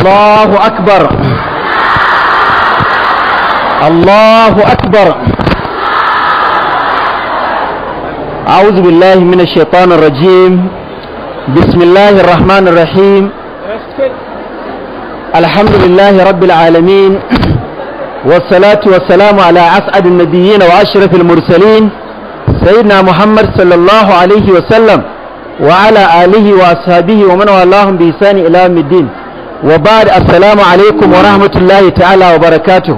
الله أكبر الله أكبر أعوذ بالله من الشيطان الرجيم بسم الله الرحمن الرحيم الحمد لله رب العالمين والصلاة والسلام على أسعد النبيين وأشرف المرسلين سيدنا محمد صلى الله عليه وسلم وعلى آله وأصحابه ومن والاهم بإحسان إلى يوم الدين wa ba da assalamu alaikum wa rahmatullahi ta'ala wa barakatu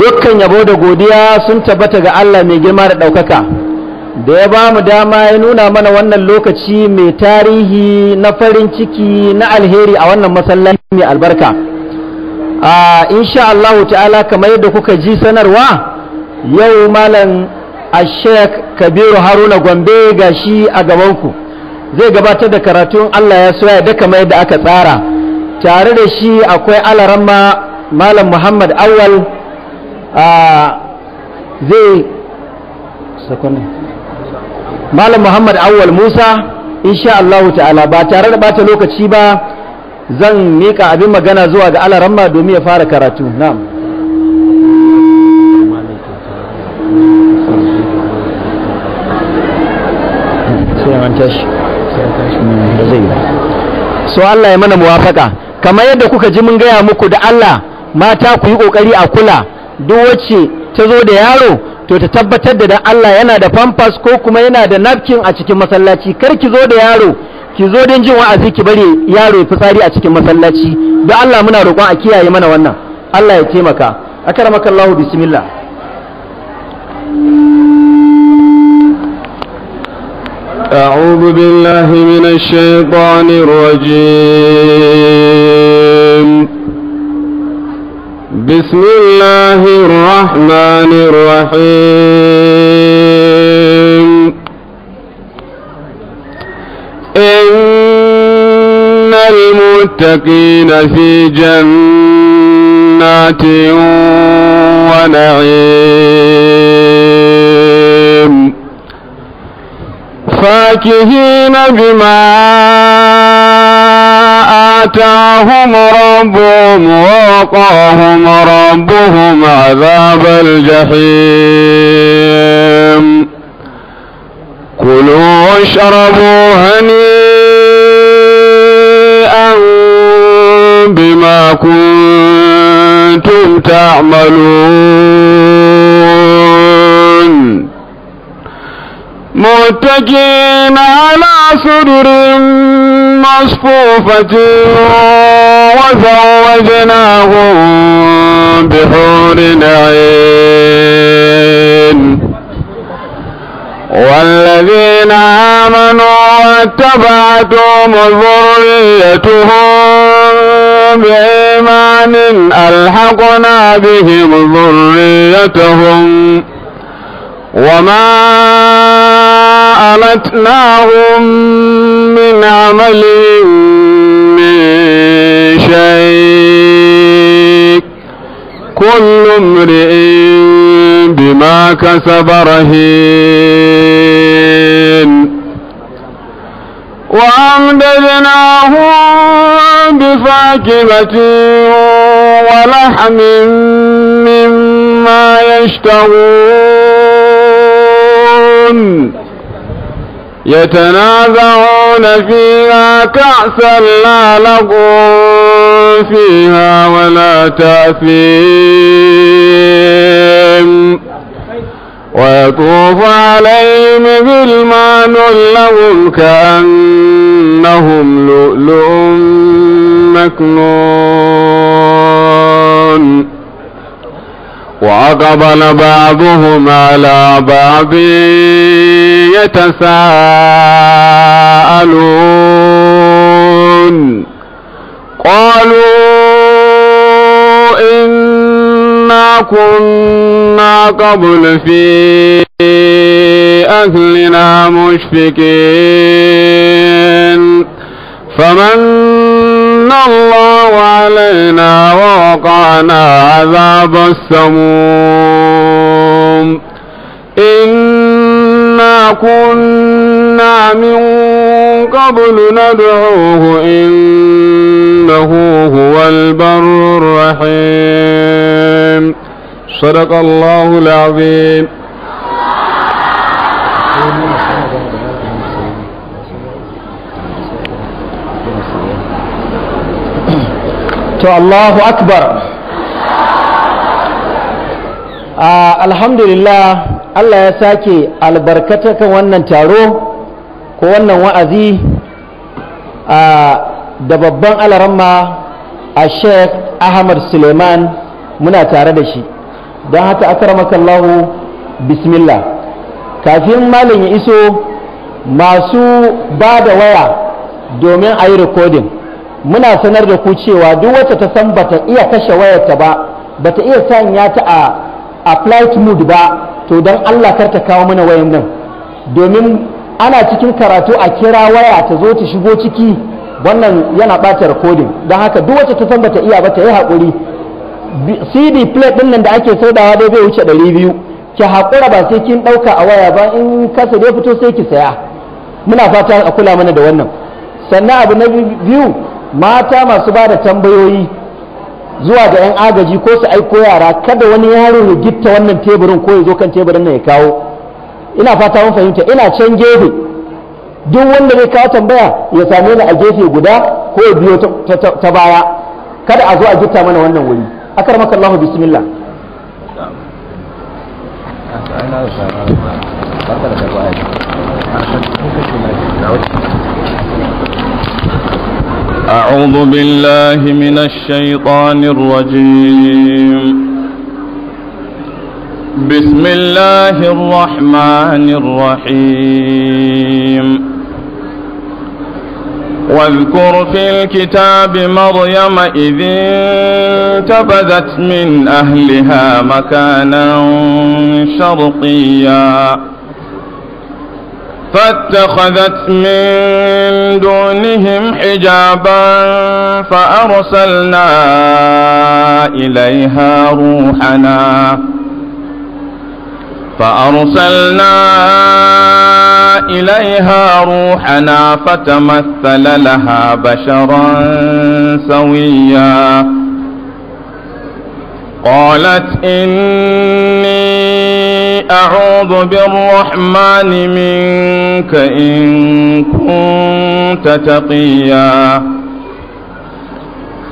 dukkan yabo da godiya sun tabbata ga Allah mai girma da ɗaukaka da ya ba mu dama ya nuna mana wannan lokaci mai tarihi na farin ciki na alheri a wannan masallaci mai albarka a insha Allah ta'ala kamar yadda kuka ji sanarwa yau malam a sheikh kabiru haruna gombe ga shi a gabanku zai gabatar da karatun allah ya soya da kamar yadda aka tsara tare da shi akwai alaramma malam muhammad awal zai malam muhammad awal musa insha allahu ta'ala ba tare da bata lokaci ba zan mika abin magana zuwa ga alaramma domin ya fara karatu na'am so Allah ya mana muwafaka kamar yadda kuka ji mun gaya muku da Allah mata ku yi kokari a kula duk wacce ta zo da yaro to ta tabbatar da dan Allah yana da pampers ko kuma yana da napkin a cikin masallaci kar ki zo da yaro ki zo don jin wa'azi ki bari yaro ya fitsari a cikin masallaci don Allah muna roƙon a kiyaye mana wannan Allah ya taimaka akaramakallahu bismillah أعوذ بالله من الشيطان الرجيم بسم الله الرحمن الرحيم إن المتقين في جنات ونعيم فاكهين بما آتاهم ربهم ووقاهم ربهم عذاب الجحيم كلوا واشربوا هنيئا بما كنتم تعملون متكئين على سرر مصفوفة وزوجناهم بحور عين والذين آمنوا واتبعتهم ذريتهم بإيمان ألحقنا بهم ذريتهم وما ألتناهم من عمل من شيء كل امرئ بما كسب رهين وأمددناهم بفاكهة ولحم مما يشتهون أمم يتنازعون فيها كأسا لا لغو فيها ولا تأثيم ويطوف عليهم غلمان لهم كأنهم لؤلؤ مكنون وأقبل بعضهم على بعض يتساءلون قالوا إنا كنا قبل في أهلنا مشفقين فمن الله علينا ووقعنا عذاب السموم إنا كنا من قبل ندعوه إنه هو البر الرحيم صدق الله العظيم to Allahu akbar ah, alhamdulillah Allah ya sake albarkata kan wannan taro ko wannan wa'azi ah, da babban alaramma a sheikh ahmad suleiman muna tare da shi don haka akaramakallahu bismillah kafin malin ya iso masu ba da waya domin a yi rikodin muna sanar da ku cewa duk wacce ta san bata iya kashe wayarta ba bata iya sanya ta a a flight mode ba to dan Allah kar ta kawo mana wayan nan domin ana cikin karatu a kira waya ta zo ta shigo ciki wannan yana bata recording don haka duk wacce ta san bata iya ba ta yi hakuri cd plate din nan da ake saidawa dai bai wuce 200 ki hakura ba sai kin dauka a waya ba in kasa dai fito sai ki saya muna fata a kula mana da wannan sannan abu na biyu mata masu ba da tambayoyi zuwa ga 'yan agaji ko su aiko yara kada wani yaro ya gitta wannan teburin ko ya zo kan teburin na ya kawo ina fata mun fahimta ina can gefe duk wanda zai kawo tambaya ya same ni a gefe guda ko ya biyo ta baya kada a zo a gitta mana wannan wuri akar maka Allahu bismillah أعوذ بالله من الشيطان الرجيم بسم الله الرحمن الرحيم واذكر في الكتاب مريم إذ انتبذت من أهلها مكانا شرقيا فاتخذت من دونهم حجابا فأرسلنا إليها روحنا فأرسلنا إليها روحنا فتمثل لها بشرا سويا قالت إني أعوذ بالرحمن منك إن كنت تقيا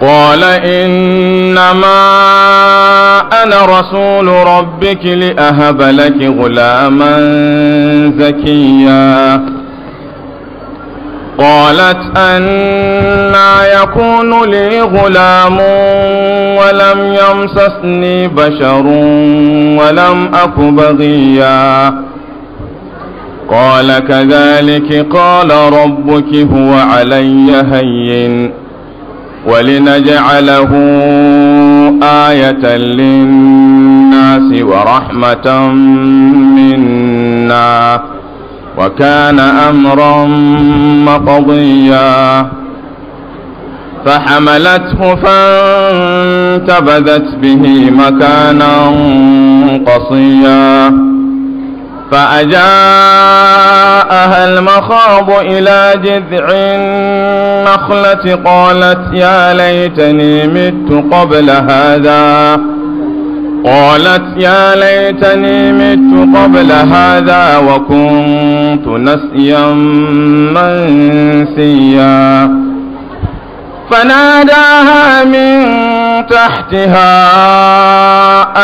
قال إنما أنا رسول ربك لأهب لك غلاما زكيا قالت أنا يكون لي غلام ولم يمسسني بشر ولم أك بغيا قال كذلك قال ربك هو علي هين ولنجعله آية للناس ورحمة منا وكان أمرا مقضيا فحملته فانتبذت به مكانا قصيا فأجاءها المخاض إلى جذع النخلة قالت يا ليتني مت قبل هذا قالت يا ليتني مت قبل هذا وكنت نسيا منسيا فناداها من تحتها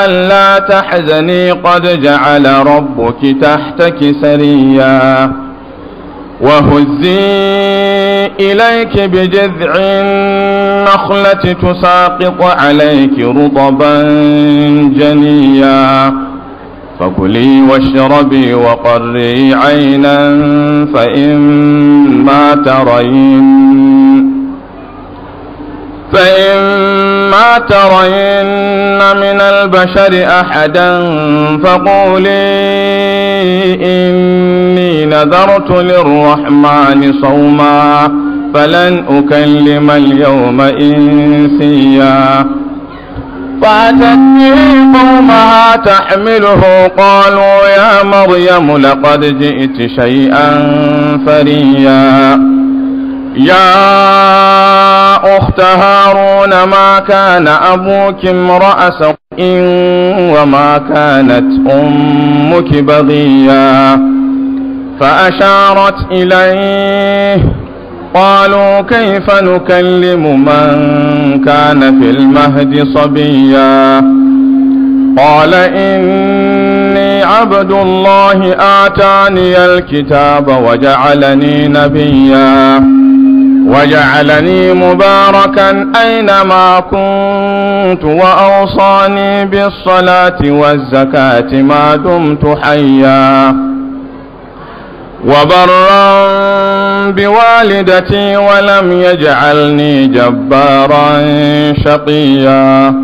ألا تحزني قد جعل ربك تحتك سريا وهزي إليك بجذع النخلة تساقط عليك رطبا جنيا فكلي واشربي وقري عينا فإما ترين فإما ما ترين من البشر أحدا فقولي إني نذرت للرحمن صوما فلن أكلم اليوم إنسيا فأتت به قومها تحمله قالوا يا مريم لقد جئت شيئا فريا يا أخت هارون ما كان أبوك امرأ سوء وما كانت أمك بغيا فأشارت إليه قالوا كيف نكلم من كان في المهد صبيا قال إني عبد الله آتاني الكتاب وجعلني نبيا وجعلني مباركا أينما كنت وأوصاني بالصلاة والزكاة ما دمت حيا وبرا بوالدتي ولم يجعلني جبارا شقيا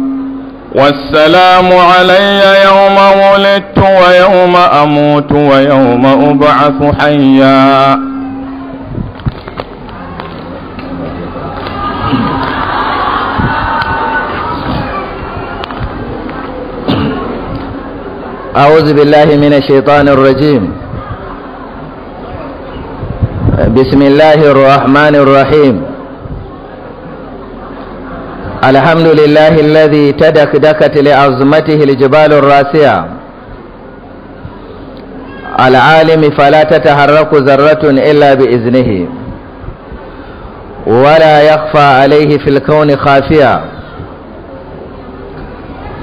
والسلام علي يوم ولدت ويوم أموت ويوم أبعث حيا أعوذ بالله من الشيطان الرجيم بسم الله الرحمن الرحيم الحمد لله الذي تدكدكت لعظمته الجبال الراسعة العالم فلا تتحرك ذرة إلا بإذنه ولا يخفى عليه في الكون خافية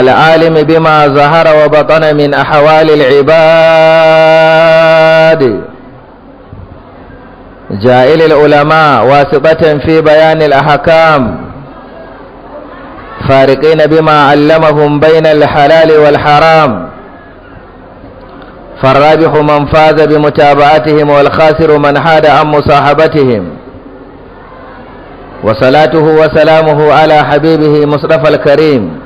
العالم بما ظهر وبطن من أحوال العباد جائل العلماء واسطة في بيان الأحكام فارقين بما علمهم بين الحلال والحرام فالرابح من فاز بمتابعتهم والخاسر من حاد عن مصاحبتهم وصلاته وسلامه على حبيبه مصطفى الكريم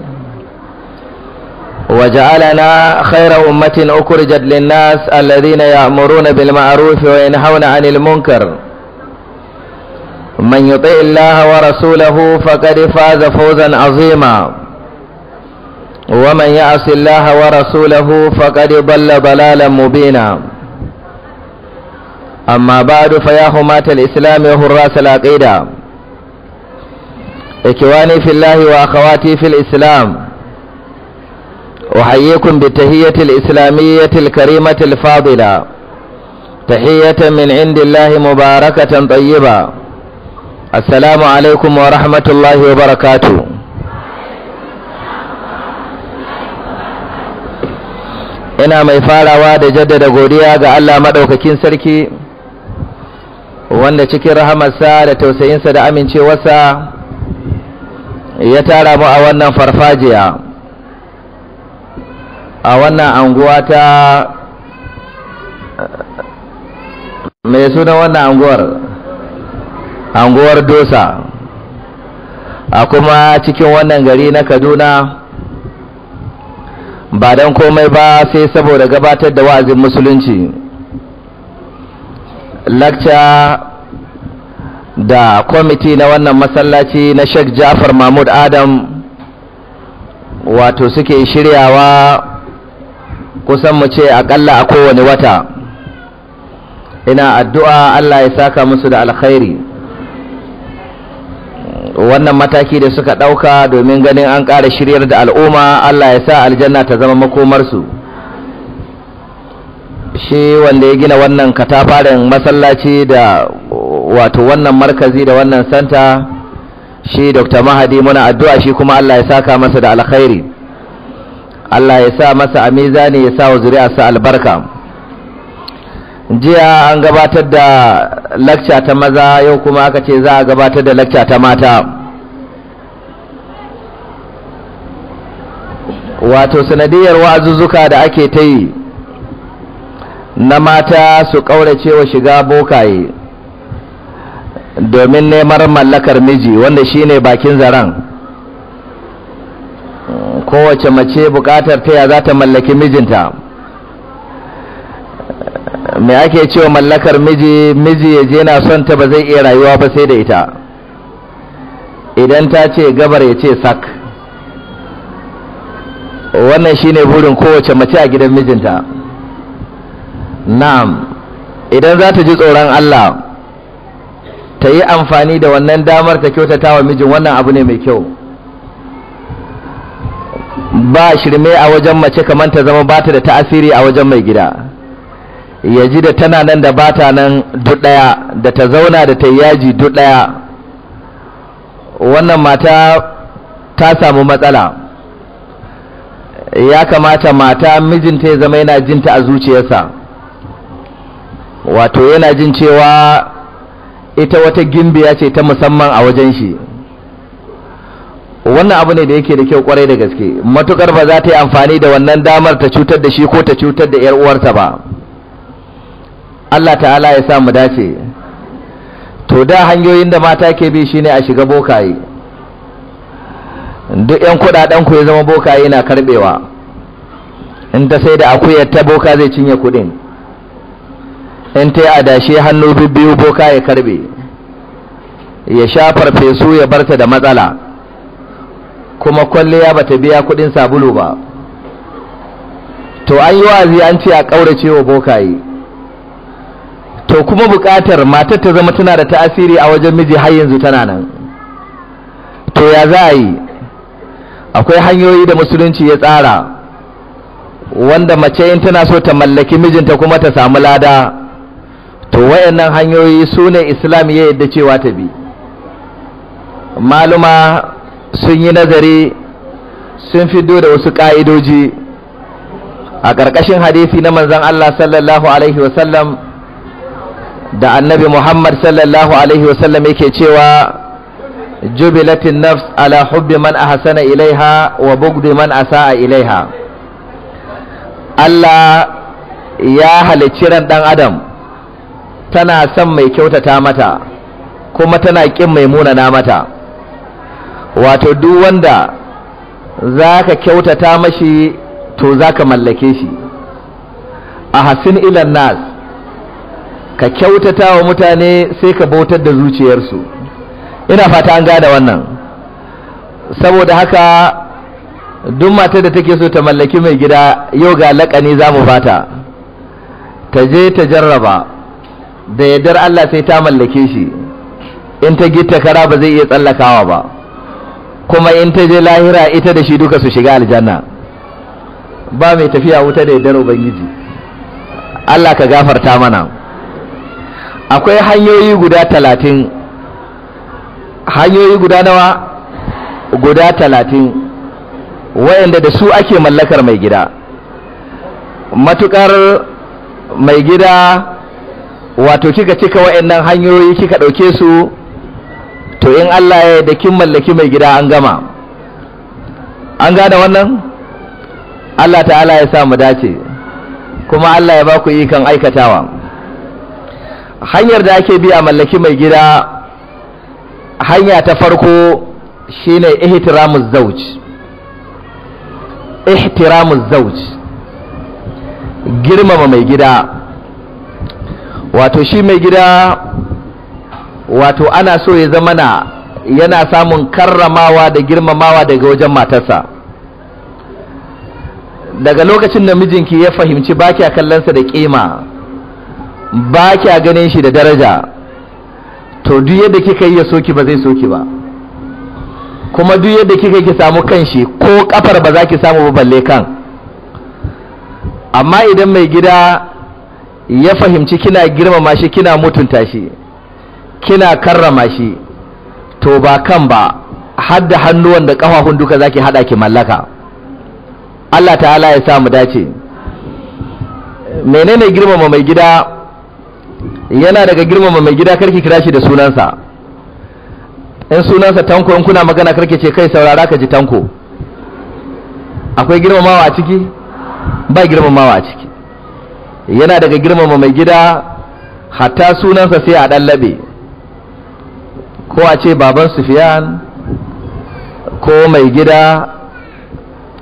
وجعلنا خير أمة أخرجت للناس الذين يأمرون بالمعروف وينهون عن المنكر من يطع الله ورسوله فقد فاز فوزا عظيما ومن يعص الله ورسوله فقد ضل ضلالا مبينا أما بعد فيا هماة الإسلام وهراس العقيدة إخواني في الله وأخواتي في الإسلام أحييكم بالتهية الإسلامية الكريمة الفاضلة تحية من عند الله مباركة طيبة السلام عليكم ورحمة الله وبركاته ina mai farawa da jaddada godiya ga Allah madaukakin sarki wanda cikin rahamarsa da tausayinsa da amincewarsa ya tara mu a wannan farfajiya a wannan anguwa ta mai suna wannan anguwar anguwar dosa a kuma cikin wannan gari na kaduna ba don komai ba sai saboda gabatar da wa'azin musulunci lakca da kwamiti na wannan masallaci na sheikh jafar mahmud adam wato suke shiryawa kusan mu ce akalla a kowane wata ina addu'a Allah ya saka musu da alkhairi wannan mataki da suka ɗauka domin ganin an ƙara shiryar da al'umma Allah ya sa aljanna ta zama makomarsu shi wanda ya gina wannan katafaren masallaci da wato wannan markazi da wannan santa shi dr mahadi muna addu'a shi kuma Allah ya saka masa da alkhairi Allah ya sa masa amiza ne ya sa wa zuri'arsa albarka jiya an gabatar da lakca ta maza yau kuma aka ce za a gabatar da lakca ta mata wato sanadiyar wa'azuzzuka da ake ta yi na mata su ƙaurace wa shiga bokaye domin neman mallakar miji wanda shine bakin zaren kowace mace bukatar ya za ta mallaki mijinta mai ake cewa mallakar miji miji ya je na son ta ba zai iya rayuwa ba sai da ita idan ta ce gabar ya ce sak wannan shine burin kowace mace a gidan mijinta na'am idan za ta ji tsoron Allah ta yi amfani da wannan damar ta kyautata wa mijin wannan abu ne mai kyau ba shirme a wajen mace kamar ta zama bata da ta'asiri a wajen mai gida ya ji da tana nan da ba ta nan duk ɗaya da ta zauna da ta yaji duk ɗaya wannan mata ta samu matsala ya kamata mata mijinta ya zama yana jinta a zuciyarsa wato yana jin cewa ita wata gimbiya ce ta musamman a wajen shi wannan abu ne da yake da kyau kwarai da gaske matukar ba za ta yi amfani da wannan damar ta cutar da shi ko ta cutar da yar uwarta ba Allah ta'ala ya sa mu dace to da hanyoyin da mata ke bi shine a shiga bokaye duk yan kudaden ku ya zama bokaye na karbewa in ta sai da akuyar ta boka zai cinye kudin in ta yi adashe hannu biyu boka ya karbe ya sha farfesu ya barta da matsala kuma kwalliya ba ta biya kudin sabulu ba to an yi wazi an ce a ƙaurace wa bokaye to kuma buƙatar matar ta zama tana da ta'asiri a wajen miji har yanzu tana nan to ya za a yi akwai hanyoyi da musulunci ya tsara wanda mace in tana so ta mallaki mijinta kuma ta samu lada to wayannan hanyoyi su ne islam ya yadda cewa ta bi maluma sun yi nazari sun fido da wasu ƙa'idoji a ƙarƙashin hadisi na manzan Allah sallallahu Alaihi wasallam da annabi Muhammad sallallahu Alaihi wasallam yake cewa jubilatin nafs ala hubbi man a hasana ilaiha wa bugdi man a sa'a ilaiha Allah ya halicci ran ɗan adam tana son mai kyautata mata kuma tana ƙin mai na mata wato duk wanda za ka kyautata mashi to za ka mallake shi a hasin ilan nas ka kyautata wa mutane sai ka bautar da zuciyarsu ina fata an gada wannan saboda haka duk matar da take so ta mallaki mai gida yau ga laƙani za mu bata ta je ta jarraba da yardar Allah sai ta mallake shi in ta gita kara ba zai iya tsallakawa ba kuma in ta je lahira ita da shi duka su shiga aljanna ba mai tafiya wuta da yaddar ubangiji Allah ka gafarta mana akwai hanyoyi guda talatin hanyoyi guda nawa guda talatin wayanda da su ake mallakar mai gida matukar mai gida wato kika cika wayannan hanyoyi kika ɗauke su to in Allah ya yi da kin mallaki mai gida an gama an gane wannan Allah ta'ala ya sa mu dace kuma Allah ya ba ku ikon aikatawa hanyar da ake biya mallaki mai gida hanya ta farko shine ihtiramuz zawj ihtiramuz zawj girmama mai gida wato shi mai gida wato ana so ya zama na yana samun karramawa da girmamawa daga wajen matarsa daga lokacin da mijinki ya fahimci ba kya kallonsa da kima ba kya ganin shi da daraja to duk yadda kika yi ya soki ba zai soki ba kuma duk yadda kika ki samu kan shi ko kafar ba za ki samu ba balle kan amma idan mai gida ya fahimci kina girmama shi kina mutunta shi kina karrama shi to ba kan ba har da hannuwan da kafafun duka zaki hada ki mallaka Allah ta'ala ya sa mu dace menene girmama mai gida yana daga girmama mai gida karki kira shi da sunansa in sunansa tanko in kuna magana karki ce kai saurara ka ji tanko akwai girmamawa a ciki ba girmamawa a ciki yana daga girmama mai gida hatta sunansa sai a ɗan labe ko a ce baban sufiyan ko mai gida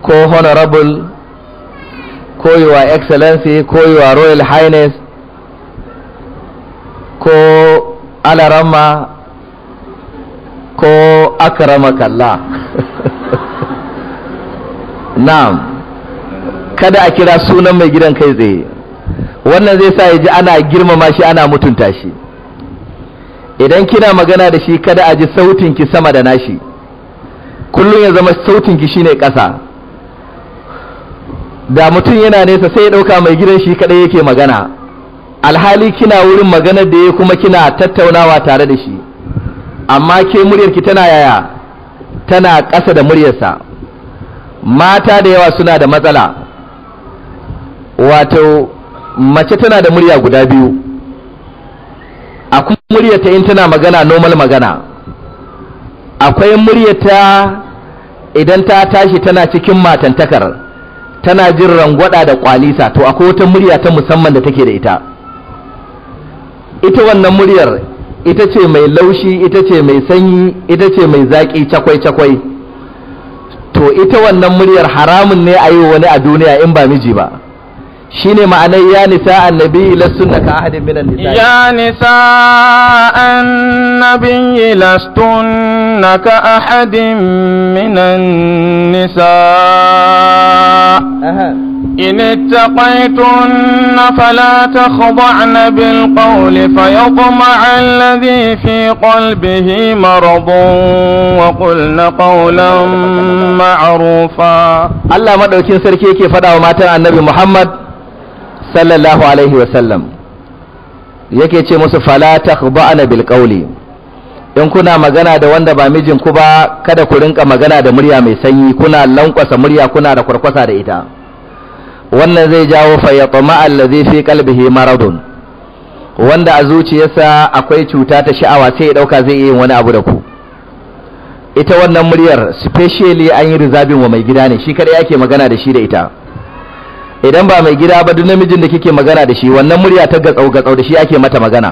ko honorable ko yiwa excellency ko yiwa royal highness ko alarama ko Kalla. na'am kada a kira sunan mai gidan kai tsaye wannan zai sa ya ji ana girmama shi ana mutunta shi idan kina magana da shi kada a ji sautin ki sama da nashi kullum ya zama sautinki shine ƙasa da mutum yana nesa sai ya ɗauka mai gidan shi kaɗai yake magana alhali kina wurin maganar da ya kuma kina tattaunawa tare da shi amma ke muryarki tana yaya tana ƙasa da muryarsa mata da yawa suna da matsala wato mace tana da murya guda biyu akwai muryata in tana magana normal magana akwai muryata idan ta tashi tana cikin matantakar tana jin rangwada da kwalisa to akwai wata murya ta musamman da take da ita ita wannan muryar ita ce mai laushi ita ce mai sanyi ita ce mai zaƙi cakwai-cakwai to ita wannan muryar haramun ne a yi wani a duniya in ba miji ba shine ma'anar ya nisa annabi lastunna ka ahadin minan nisa ya nisa annabi lastunna ka ahadin minan nisa إن اتقيتن فلا تخضعن بالقول فيطمع الذي في قلبه مرض وقلن قولا معروفا الله ما دوكين سركي كيف النبي محمد sallallahu alaihi wasallam yake ce musu fala ba'ana bil qawli in kuna magana da wanda ba mijin ku ba kada ku rinka magana da murya mai sanyi kuna lankwasa murya kuna da kwarkwasa da ita wannan zai jawo fayatama allazi fi qalbihi maradun wanda a zuciyarsa akwai cuta ta sha'awa sai ya dauka zai yi wani abu da ku ita wannan muryar specially an yi rizabin wa mai gida ne shi kada yake magana da shi da ita idan ba mai gida ba duk namijin da kike magana da shi wannan murya ta ga ga tsau da shi ake mata magana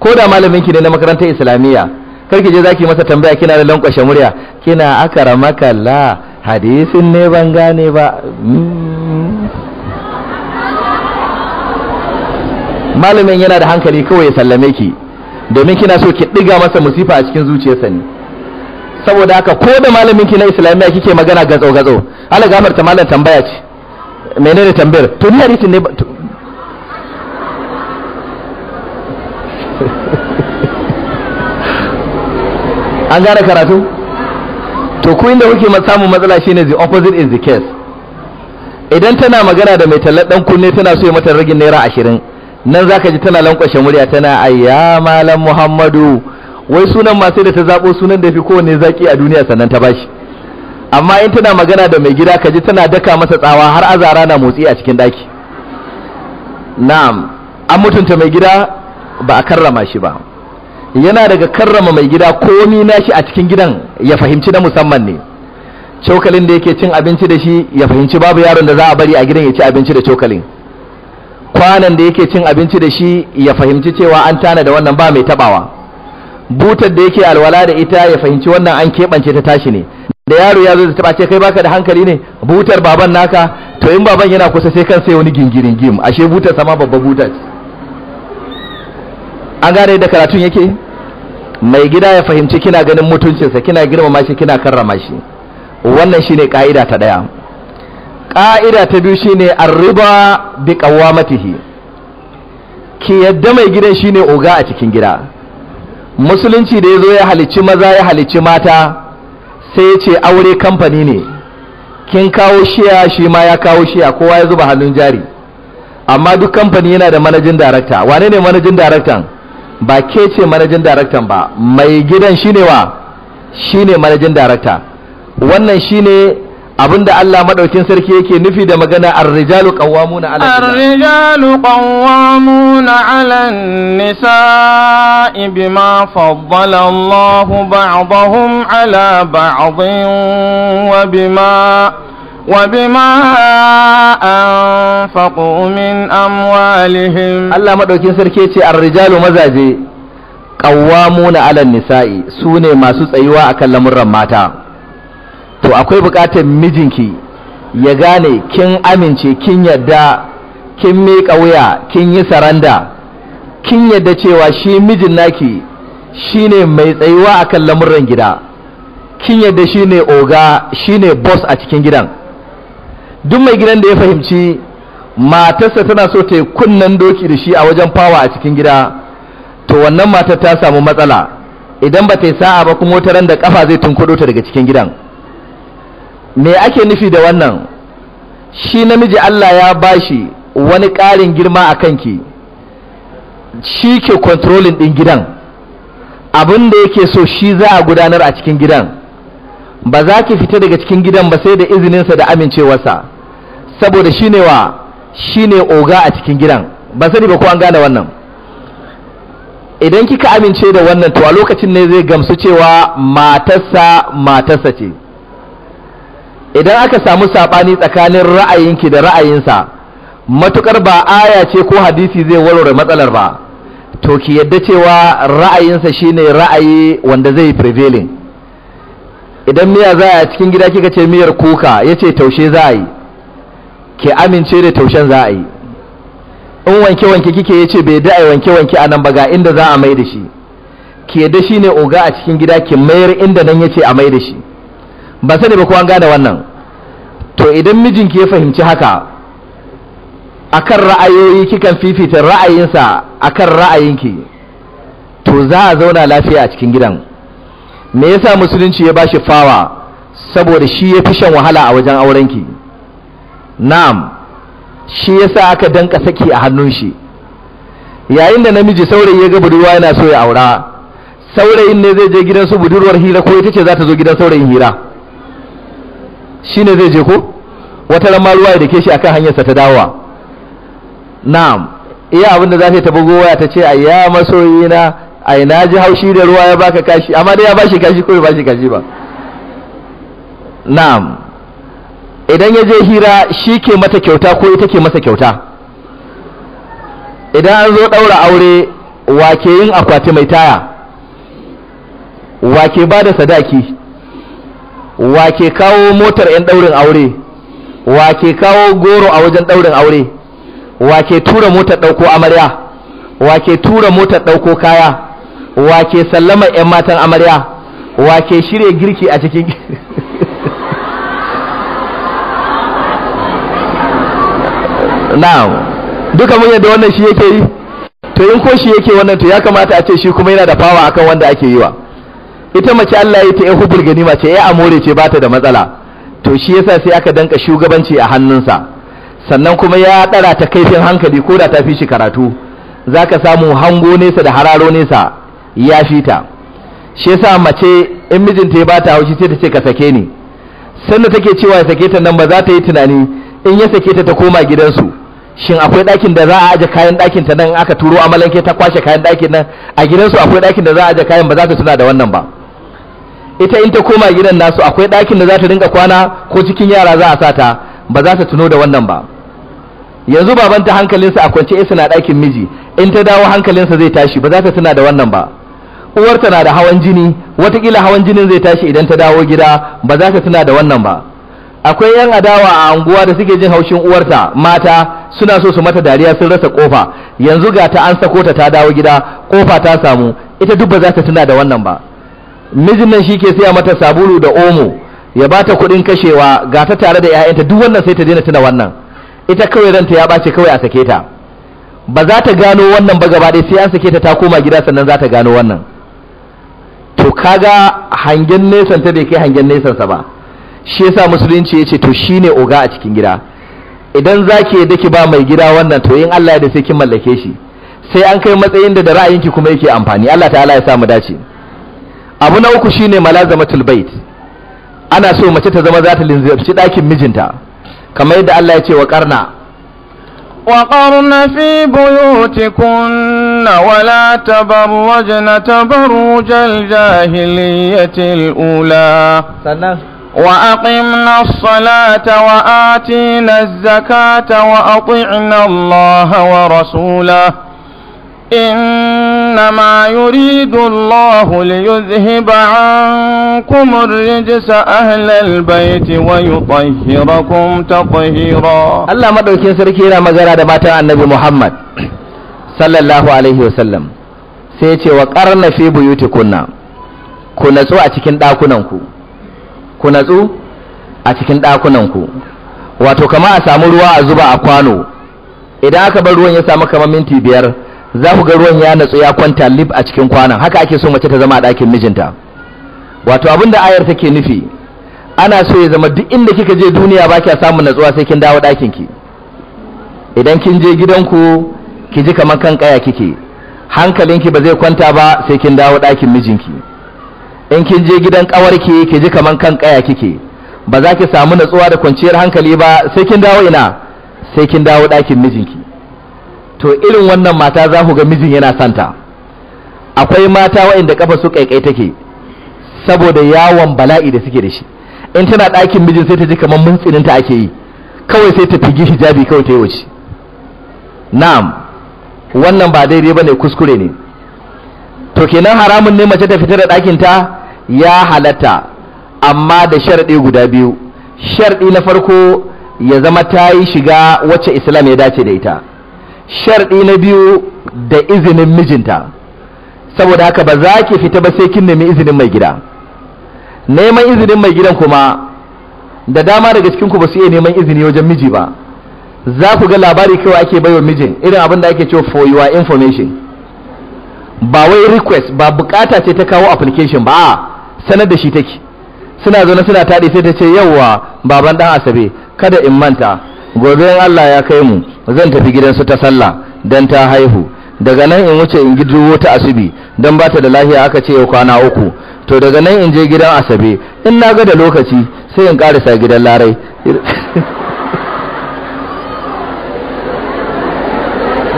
ko da malamin ki ne na makarantar islamiyya karki je zaki masa tambaya kina da lankwashe murya kina akara la hadisin ne ban gane ba hmm. malamin yana da hankali kawai ya sallame ki domin kina so ki diga masa musifa a cikin zuciyarsa ne saboda haka ko da malamin ki na islamiyya kike magana ga tsau ala gafarta malam tambaya ce menene tambayar to ni hadisin ne an gane karatu to ku inda kuke samun matsala shine the opposite is the case idan tana magana da mai tallar dan kunne tana so ya mata ragin naira ashirin nan zaka ji tana lankwashe murya tana ayya malam muhammadu wai sunan masu da ta zabo sunan da fi kowanne zaki a duniya sannan ta bashi amma in tana magana da mai gida kaji tana daka masa tsawa har azara na motsi a cikin daki na'am an mutunta mai gida ba a karrama shi ba yana daga karrama mai gida komi nashi a cikin gidan ya fahimci na musamman ne cokalin da yake cin abinci da shi ya fahimci babu yaron da za a bari a gidan ya ci abinci da cokalin kwanan da yake cin abinci da shi ya fahimci cewa an tana da wannan ba mai tabawa butar da yake alwala da ita ya fahimci wannan an keɓance ta tashi ne da yaro ya zo da ce kai baka da hankali ne butar baban naka to in baban yana kusa sai kan sai wani gingirin gim ashe butar sama babba butar an gane da karatun yake mai gida ya fahimci kina ganin mutuncinsa kina girmama shi kina karrama shi wannan shine ka'ida ta daya ka'ida ta biyu shine arriba bi qawamatihi ki yadda mai gidan shine oga a cikin gida musulunci da yazo ya halicci maza ya halicci mata sai ya ce aure kamfani ne kin kawo shiya shi ma ya kawo shiya kowa ya zuba hannun jari amma duk kamfani yana da manajin darakta wane ne manajin daraktan ba ke ce manajin daraktan ba mai gidan shine wa shine manajin darakta wannan shine Abin da Allah madaukin sarki yake nufi da magana ar-rijalu qawwamuna 'ala ar-rijalu qawwamuna 'ala an-nisa'i bima faddala Allah ba'dahum 'ala ba'din wa bima wa bima anfaqu min amwalihim Allah madaukin sarki yace ar-rijalu mazaje qawwamuna 'ala an-nisa'i sune masu tsayuwa akan lamurran mata to akwai bukatar mijinki ya gane kin amince kin yadda kin miƙa wuya kin yi saranda kin yadda cewa shi mijin naki shine mai tsayuwa akan lamuran gida kin yadda shine oga shine boss a cikin gidan duk mai gidan da ya fahimci matarsa tana so ta yi kunnen doki da shi a wajen fawa a cikin gida to wannan matar ta samu matsala idan ba ta yi sa'a ba kuma wata ran da kafa zai tunkudo ta daga cikin gidan me ake nufi da wannan shi namiji Allah ya bashi wani ƙarin girma a kanki shi ke kontrolin ɗin gidan abin da yake so shi za a gudanar a cikin gidan ba za ki fita daga cikin gidan ba sai da izininsa da amincewarsa saboda shi ne wa shi ne oga a cikin gidan ba sani ba ko an gane wannan idan kika amince da wannan to a lokacin ne zai gamsu cewa matarsa matarsa ce idan aka samu saɓani tsakanin ra'ayinki da ra'ayinsa matukar ba aya ce ko hadisi zai warware matsalar ba to ki yadda cewa ra'ayinsa shine ra'ayi wanda zai prevailing idan miya za a cikin gida kika ce miyar kuka ya ce taushe za a yi ke amince da taushen za a yi in wanke-wanke kike ya ce bai da a wanke-wanke a nan ba ga inda za a mai da shi ke da shi ne oga a cikin gida ki mayar inda nan ya ce a mai da shi ba sani ba ko an gane wannan to idan mijinki ya fahimci haka akan ra'ayoyi kikan fifita ra'ayinsa akan ra'ayinki to za a zauna lafiya a cikin gidan me yasa musulunci ya bashi fawa saboda shi ya fi shan wahala a wajen aurenki na'am shi yasa aka danka saki a hannun shi yayin da namiji saurayi ya ga budurwa yana so ya aura saurayin ne zai je gidan su budurwar hira ko ita ce za ta zo gidan saurayin hira shine zai je ko wata ran ma ruwa ya dake shi akan hanyarsa ta dawowa na'am iya abin da za ta bugo waya ta ce ayya masoyina ai na ji haushi da ruwa ya baka kashi amma dai ya bashi kashi ko bai bashi kashi ba na'am idan ya je hira shi ke mata kyauta ko ita ke masa kyauta idan an zo ɗaura aure wake yin akwati mai taya wake ba da sadaki wa ke kawo motar 'yan daurin aure wa ke kawo goro a wajen daurin aure wa ke tura motar dauko amarya wa ke tura motar dauko kaya wa ke sallama 'yan matan amarya wa ke shirya girki a cikin na'am duka mun yadda wannan shi yake yi to in ko shi yake wannan to ya kamata a ce shi kuma yana da fawa akan wanda ake yi wa ita mace Allah ya ta ya hubul gani mace ya amore ce bata da matsala to shi yasa sai aka danka shugabanci a hannunsa sannan kuma ya tsara ta kaifin hankali ko da ta fi shi karatu zaka samu hango nesa da hararo nesa ya fi ta shi yasa mace in mijinta ya bata haushi sai ta ce ka sake ni sannan take cewa ya sake ta nan ba za ta yi tunani in ya sake ta ta koma gidansu shin akwai ɗakin da za a aje kayan ɗakin ta nan aka turo amalanke ta kwashe kayan ɗakin nan a gidansu akwai ɗakin da za a aje kayan ba za ta tuna da wannan ba ita in ta koma gidan nasu akwai ɗakin da za ta rinka kwana ko cikin yara za a sa ta ba za ta tuno da wannan ba yanzu baban babanta hankalinsa a kwance isa na ɗakin miji in ta dawo hankalinsa zai tashi ba za ta tuna da wannan ba uwarta na da hawan jini watakila hawan jinin zai tashi idan ta dawo gida ba za ta tuna da wannan ba akwai yan adawa a anguwa da suke jin haushin uwarta mata suna so su mata dariya sun rasa kofa yanzu ga ta an sako ta ta dawo gida kofa ta samu ita duk ba za ta tuna da wannan ba mijin nan shi ke saya mata sabulu da omo ya ba ta kuɗin kashewa ga ta tare da 'ya'yanta duk wannan sai ta daina tuna wannan ita kawai ranta ya ɓace kawai a sake ta ba za ta gano wannan ba gaba ɗaya sai an sake ta ta koma gida sannan za ta gano wannan to kaga hangen nesan ta bai kai hangen nesan sa ba shi yasa musulunci ya ce to ne oga a cikin gida idan za yadda ki ba mai gida wannan to in Allah ya da sai kin mallake shi sai an kai matsayin da da ra'ayinki kuma yake amfani Allah ta'ala ya sa mu dace abu na uku shine malazamatul bait ana so mace ta zama za ta dakin ɗakin mijinta kamar yadda Allah ya ce wa karna wa qarna fi buyutikunna wa la tabarrajna tabarrujal jahiliyatil ula sannan وأقمنا الصلاة وآتينا الزكاة وأطعنا الله ورسوله إنما يريد الله ليذهب عنكم الرجس أهل البيت ويطهركم تطهيرا الله ما دوكين سركي لا مغرا da matan annabi Muhammad sallallahu sai ya ce wa fi buyutikunna ku natsu a cikin ɗakunanku ku a cikin ɗakunanku wato kama a samu ruwa a zuba a kwano idan aka bar ruwan ya samu kamar minti biyar za mu ga ruwan ya natsu ya kwanta lib a cikin kwanan haka ake so mace ta zama a ɗakin mijinta wato abin da ayar take nufi ana so ya zama duk inda kika je duniya ba kya samun natsuwa sai kin dawo ɗakin ki idan kin je gidanku ki ji kamar kan kaya kike hankalinki ba zai kwanta ba sai kin dawo ɗakin mijinki in kin je gidan ƙawarki ki ji kamar kan kaya kike ba za ki samu natsuwa da kwanciyar hankali ba sai kin dawo ina sai kin dawo ɗakin mijinki to irin wannan mata za ku ga mijin yana santa akwai mata waɗanda kafa su kaikai take saboda yawon bala'i da suke da shi in tana ɗakin mijin sai ta ji kamar muntsininta ake yi kawai sai ta figi hijabi kawai ta yi wuce na'am wannan ba daidai ba ne kuskure ne to kenan haramun ne mace ta fitar da ɗakin ta ya halatta amma da sharɗi guda biyu sharɗi na farko ya zama ta yi shiga wacce islam ya dace da ita sharɗi na biyu da izinin mijinta saboda haka ba za ki fita ba sai kin nemi izinin mai gida neman izinin mai gidan kuma da dama daga cikin ku ba su iya neman izini wajen miji ba za ku ga labari kawai ake baiwa mijin irin abin da ake cewa for your information ba wai request ba bukata ce ta kawo application ba sanar da shi take suna zaune suna taɗi sai ta ce yawwa baban ɗan asabe kada in manta gobe in Allah ya kai mu zan tafi gidansu ta sallah dan ta haihu daga nan in wuce in gidu ta asibi dan bata da lafiya aka ce yau kwana uku to daga nan in je gidan asabe in na ga da lokaci sai in karisa gidan larai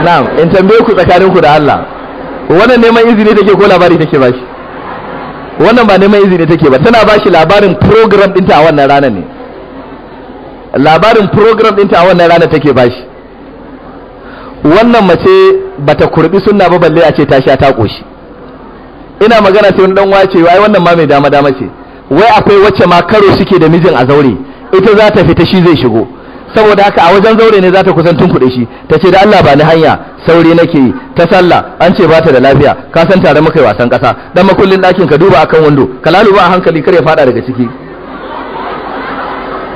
na'am in tambaye ku tsakanin ku da Allah wannan neman izini take ko labari take bashi wannan ba neman izini take ba tana bashi labarin program dinta a wannan ranar ne labarin program ɗinta a wannan rana take bashi wannan mace bata kurbi sunna ba balle a ce ta sha ta koshi ina magana sai wani dan wace wai wannan ma mai dama dama ce wai akwai wacce ma karo suke da mijin a zaure ita za ta fita shi zai shigo saboda haka a wajen zaure ne za ta kusan tun tunkuɗe shi ta ce da Allah ba ni hanya sauri nake yi ta sallah an ce ba ta da lafiya ka san tare muka yi wasan ƙasa dan makullin ɗakin ka duba akan wando ka ba a hankali kar ya faɗa daga ciki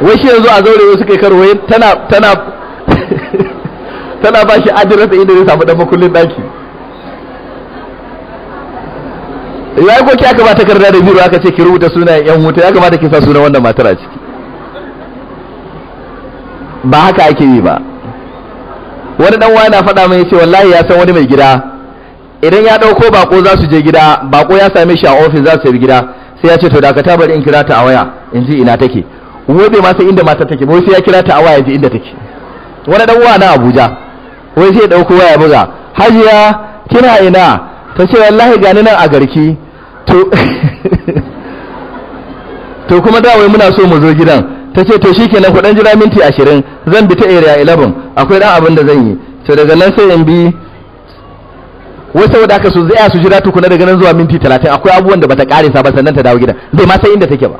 wai shi yanzu a zaure wasu kai karo tana tana tana ba shi adirasa inda zai samu dan makullin daki yayi ko kya ba takarda da biro aka ce ki rubuta sunayen yan wuta ya kamata ki sa sunan wannan matar a ciki ba haka ake yi ba wani dan wani na faɗa mai ce wallahi ya san wani mai gida idan ya ɗauko bako za su je gida bako ya same shi a ofis za su yi gida sai ya ce to dakata bari in kira ta a waya in ji ina take wai bai ma inda matar take ba sai ya kira ta a waya ji inda take wani dan uwa na Abuja wai sai ya dauko waya buga hajiya kina ina ta ce wallahi gani nan a garki to to kuma da wai muna so mu zo gidan ta ce to shikenan ku dan jira minti 20 zan bi ta area 11 akwai dan abin da zan yi to daga nan sai in bi wai saboda haka su zai su jira tukuna daga nan zuwa minti 30 akwai abubuwan da bata karisa ba sannan ta dawo gidan bai ma sai inda take ba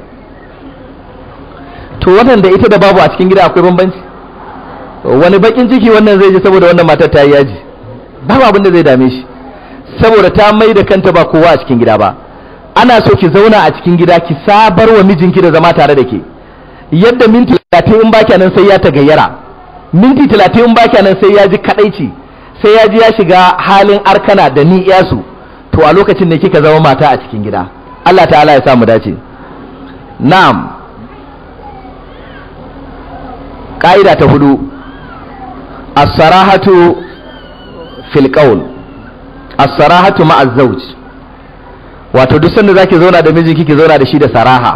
to wannan da ita da babu a cikin gida akwai bambanci wani bakin ciki wannan zai ji saboda wannan matar ta yi yaji babu abin da zai dame shi saboda ta mai da kanta ba kowa a cikin gida ba ana so ki zauna a cikin gida ki sabar wa mijinki da zama tare da ke yadda minti talatin in baki nan sai ya tagayyara minti talatin in baki nan sai ya ji kadaici sai ya ji ya shiga halin arkana da ni iyasu to a lokacin ne kika zama mata a cikin gida Allah ta'ala ya samu dace na'am ƙa'ida ta hudu as-sarahatu fil qawl as-sarahatu ma'a zawj wato duk sanda ki zauna da mijinki ki zauna da shi da saraha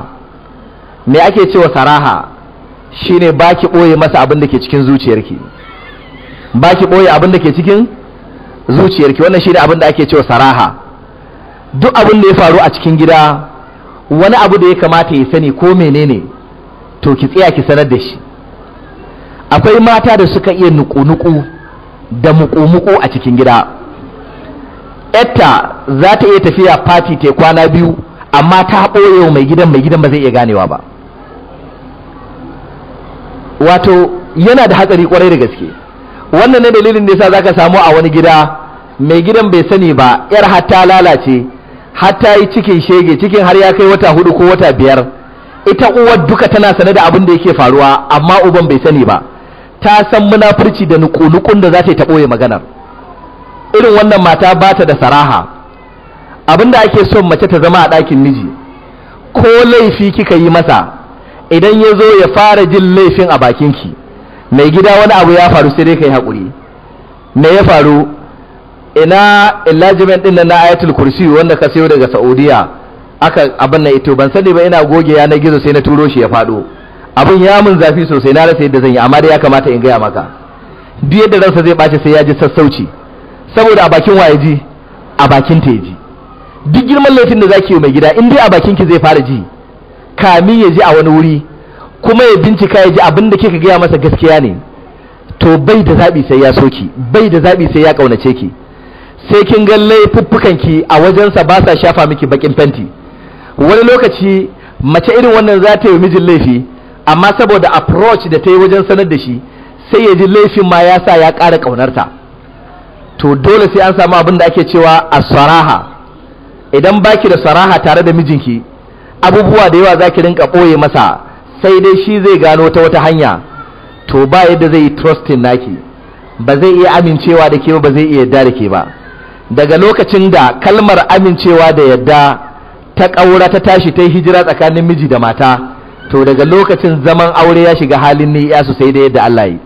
me ake cewa saraha shine baki boye masa abin da ke cikin zuciyarki baki boye abin da ke cikin zuciyarki wannan shine abin da ake cewa saraha duk abin da ya faru a cikin gida wani abu da ya kamata ya sani ko menene to ki tsaya ki sanar da shi akwai mata da suka iya nuku-nuku da muku-muku a cikin gida etta za ta iya tafiya fati ta kwana biyu amma ta ɓoye mai gidan mai gidan ba zai iya ganewa ba wato yana da hatsari kwarai da gaske wannan ne dalilin da yasa zaka samu a wani gida mai gidan bai sani ba yar har ta lalace har yi cikin shege cikin har ya kai wata hudu ko wata biyar ita uwar duka tana sane da abin da yake faruwa amma uban bai sani ba ta san munafurci da nukunukun da za ta yi ta ɓoye maganar irin wannan mata ba ta da saraha abinda ake son mace ta zama a ɗakin miji ko laifi kika yi masa idan ya zo ya fara jin laifin a bakinki mai gida wani abu ya faru sai dai ka yi haƙuri me ya faru ina ilajimen ɗin na ayatul kursi wanda ka sayo daga saudiya aka abin na ito ban sani ba ina goge yanar gizo sai na turo shi ya faɗo abin ya mun zafi sosai na rasa yadda zan yi amma dai ya kamata in gaya maka duk yadda ransa zai bace sai ya ji sassauci saboda a bakin waye ji a bakin ta ji duk girman laifin da zaki yi mai gida in dai a bakin ki zai fara ji kamin ya ji a wani wuri kuma ya bincika ya ji abin da kika gaya masa gaskiya ne to bai da zaɓi sai ya soki bai da zabi sai ya kaunace ki sai kin ga laifuffukan ki a wajensa ba sa shafa miki bakin fenti wani lokaci mace irin wannan za ta yi mijin laifi amma saboda approach da ta yi wajen sanar da shi sai ya ji laifin ma ya sa ya ƙara ƙaunarta to dole sai an samu abin da ake cewa a saraha idan baki da saraha tare da mijinki abubuwa da yawa zaki ki rinka ɓoye masa sai dai shi zai gano ta wata hanya to ba yadda zai yi trustin naki ba zai iya amincewa da ke ba zai iya yarda da ke ba daga lokacin da kalmar amincewa da yarda ta ƙaura ta tashi ta yi hijira tsakanin miji da mata to daga lokacin zaman aure ya shiga halin ni ya su sai da yadda Allah yi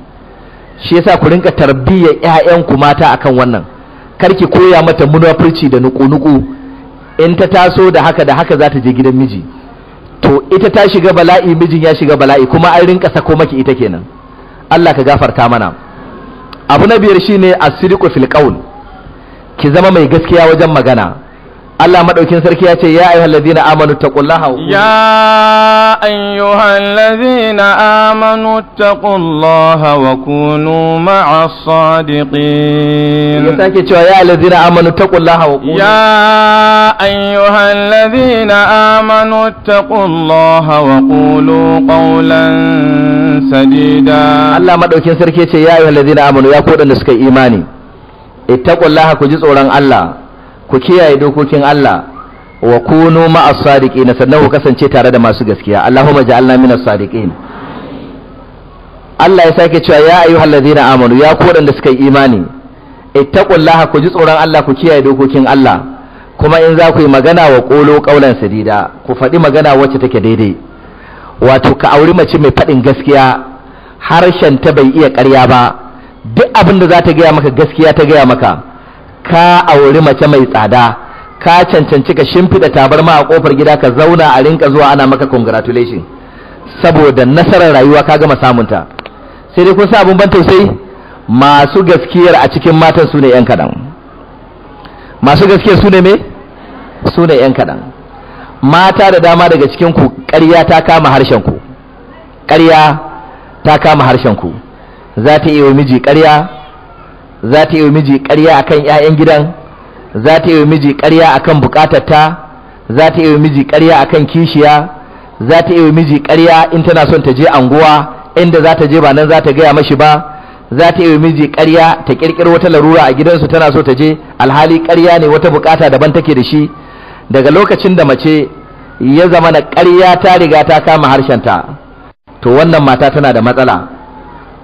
shi yasa ku rinka tarbiyyar ƴaƴanku mata akan wannan kar ki koya mata munafurci da nuku-nuku in ta taso da haka da haka za ta je gidan miji to ita ta shiga bala'i mijin ya shiga bala'i kuma an rinka sako maki ita kenan Allah ka gafarta mana abu na biyar shine as-sidqu fil qawl ki zama mai gaskiya wajen magana Allah maɗaukin sarki ya ce ya ayyuhal ladina amanu taqullaha ya ayyuhal ladina amanu taqullaha wa kunu ma'as sadiqin ya sake cewa ya ladina amanu taqullaha wa kunu ya ayyuhal ladina amanu taqullaha wa qulu qawlan sadida Allah madaukin sarki ya ce ya ayyuhal ladina amanu ya kodan da suka imani ittaqullaha ku ji tsoron Allah ku kiyaye dokokin Allah wa kunu ma'as sadiqin sannan ku kasance tare da masu gaskiya Allahumma ja'alna minas sadiqin Allah ya sake cewa ya ayyuhal ladina amanu ya ku wadanda suka yi imani ittaqullaha ku ji tsoron Allah ku kiyaye dokokin Allah kuma in za ku yi magana wa qulu qawlan sadida ku faɗi magana wacce take daidai wato ka auri mace mai faɗin gaskiya harshen ta bai iya ƙarya ba duk abin da za ta gaya maka gaskiya ta gaya maka ka auri mace mai tsada ka cancanci ka shimfida tabarma a kofar gida ka zauna a rinka zuwa ana maka congratulation saboda nasarar rayuwa ka gama samunta sai dai kun sa abun ban tausayi masu gaskiyar a cikin matan su ne yan kaɗan masu gaskiyar su me su yan kadan mata da dama daga cikin ku ƙarya ta kama harshen ku ƙarya ta kama harshen ku za ta iya wa miji ƙarya za ta yi miji ƙarya akan 'ya'yan gidan za ta yi miji ƙarya akan bukatarta za ta yi miji ƙarya akan kishiya za ta yi miji ƙarya in tana son ta je anguwa inda za ta je ba nan za ta gaya mashi ba za ta yi miji ƙarya ta ƙirƙiro wata larura a gidansu tana so ta je alhali karya ne wata bukata daban take da shi daga lokacin da mace ya zama na ƙarya ta riga ta kama harshenta to wannan mata tana da matsala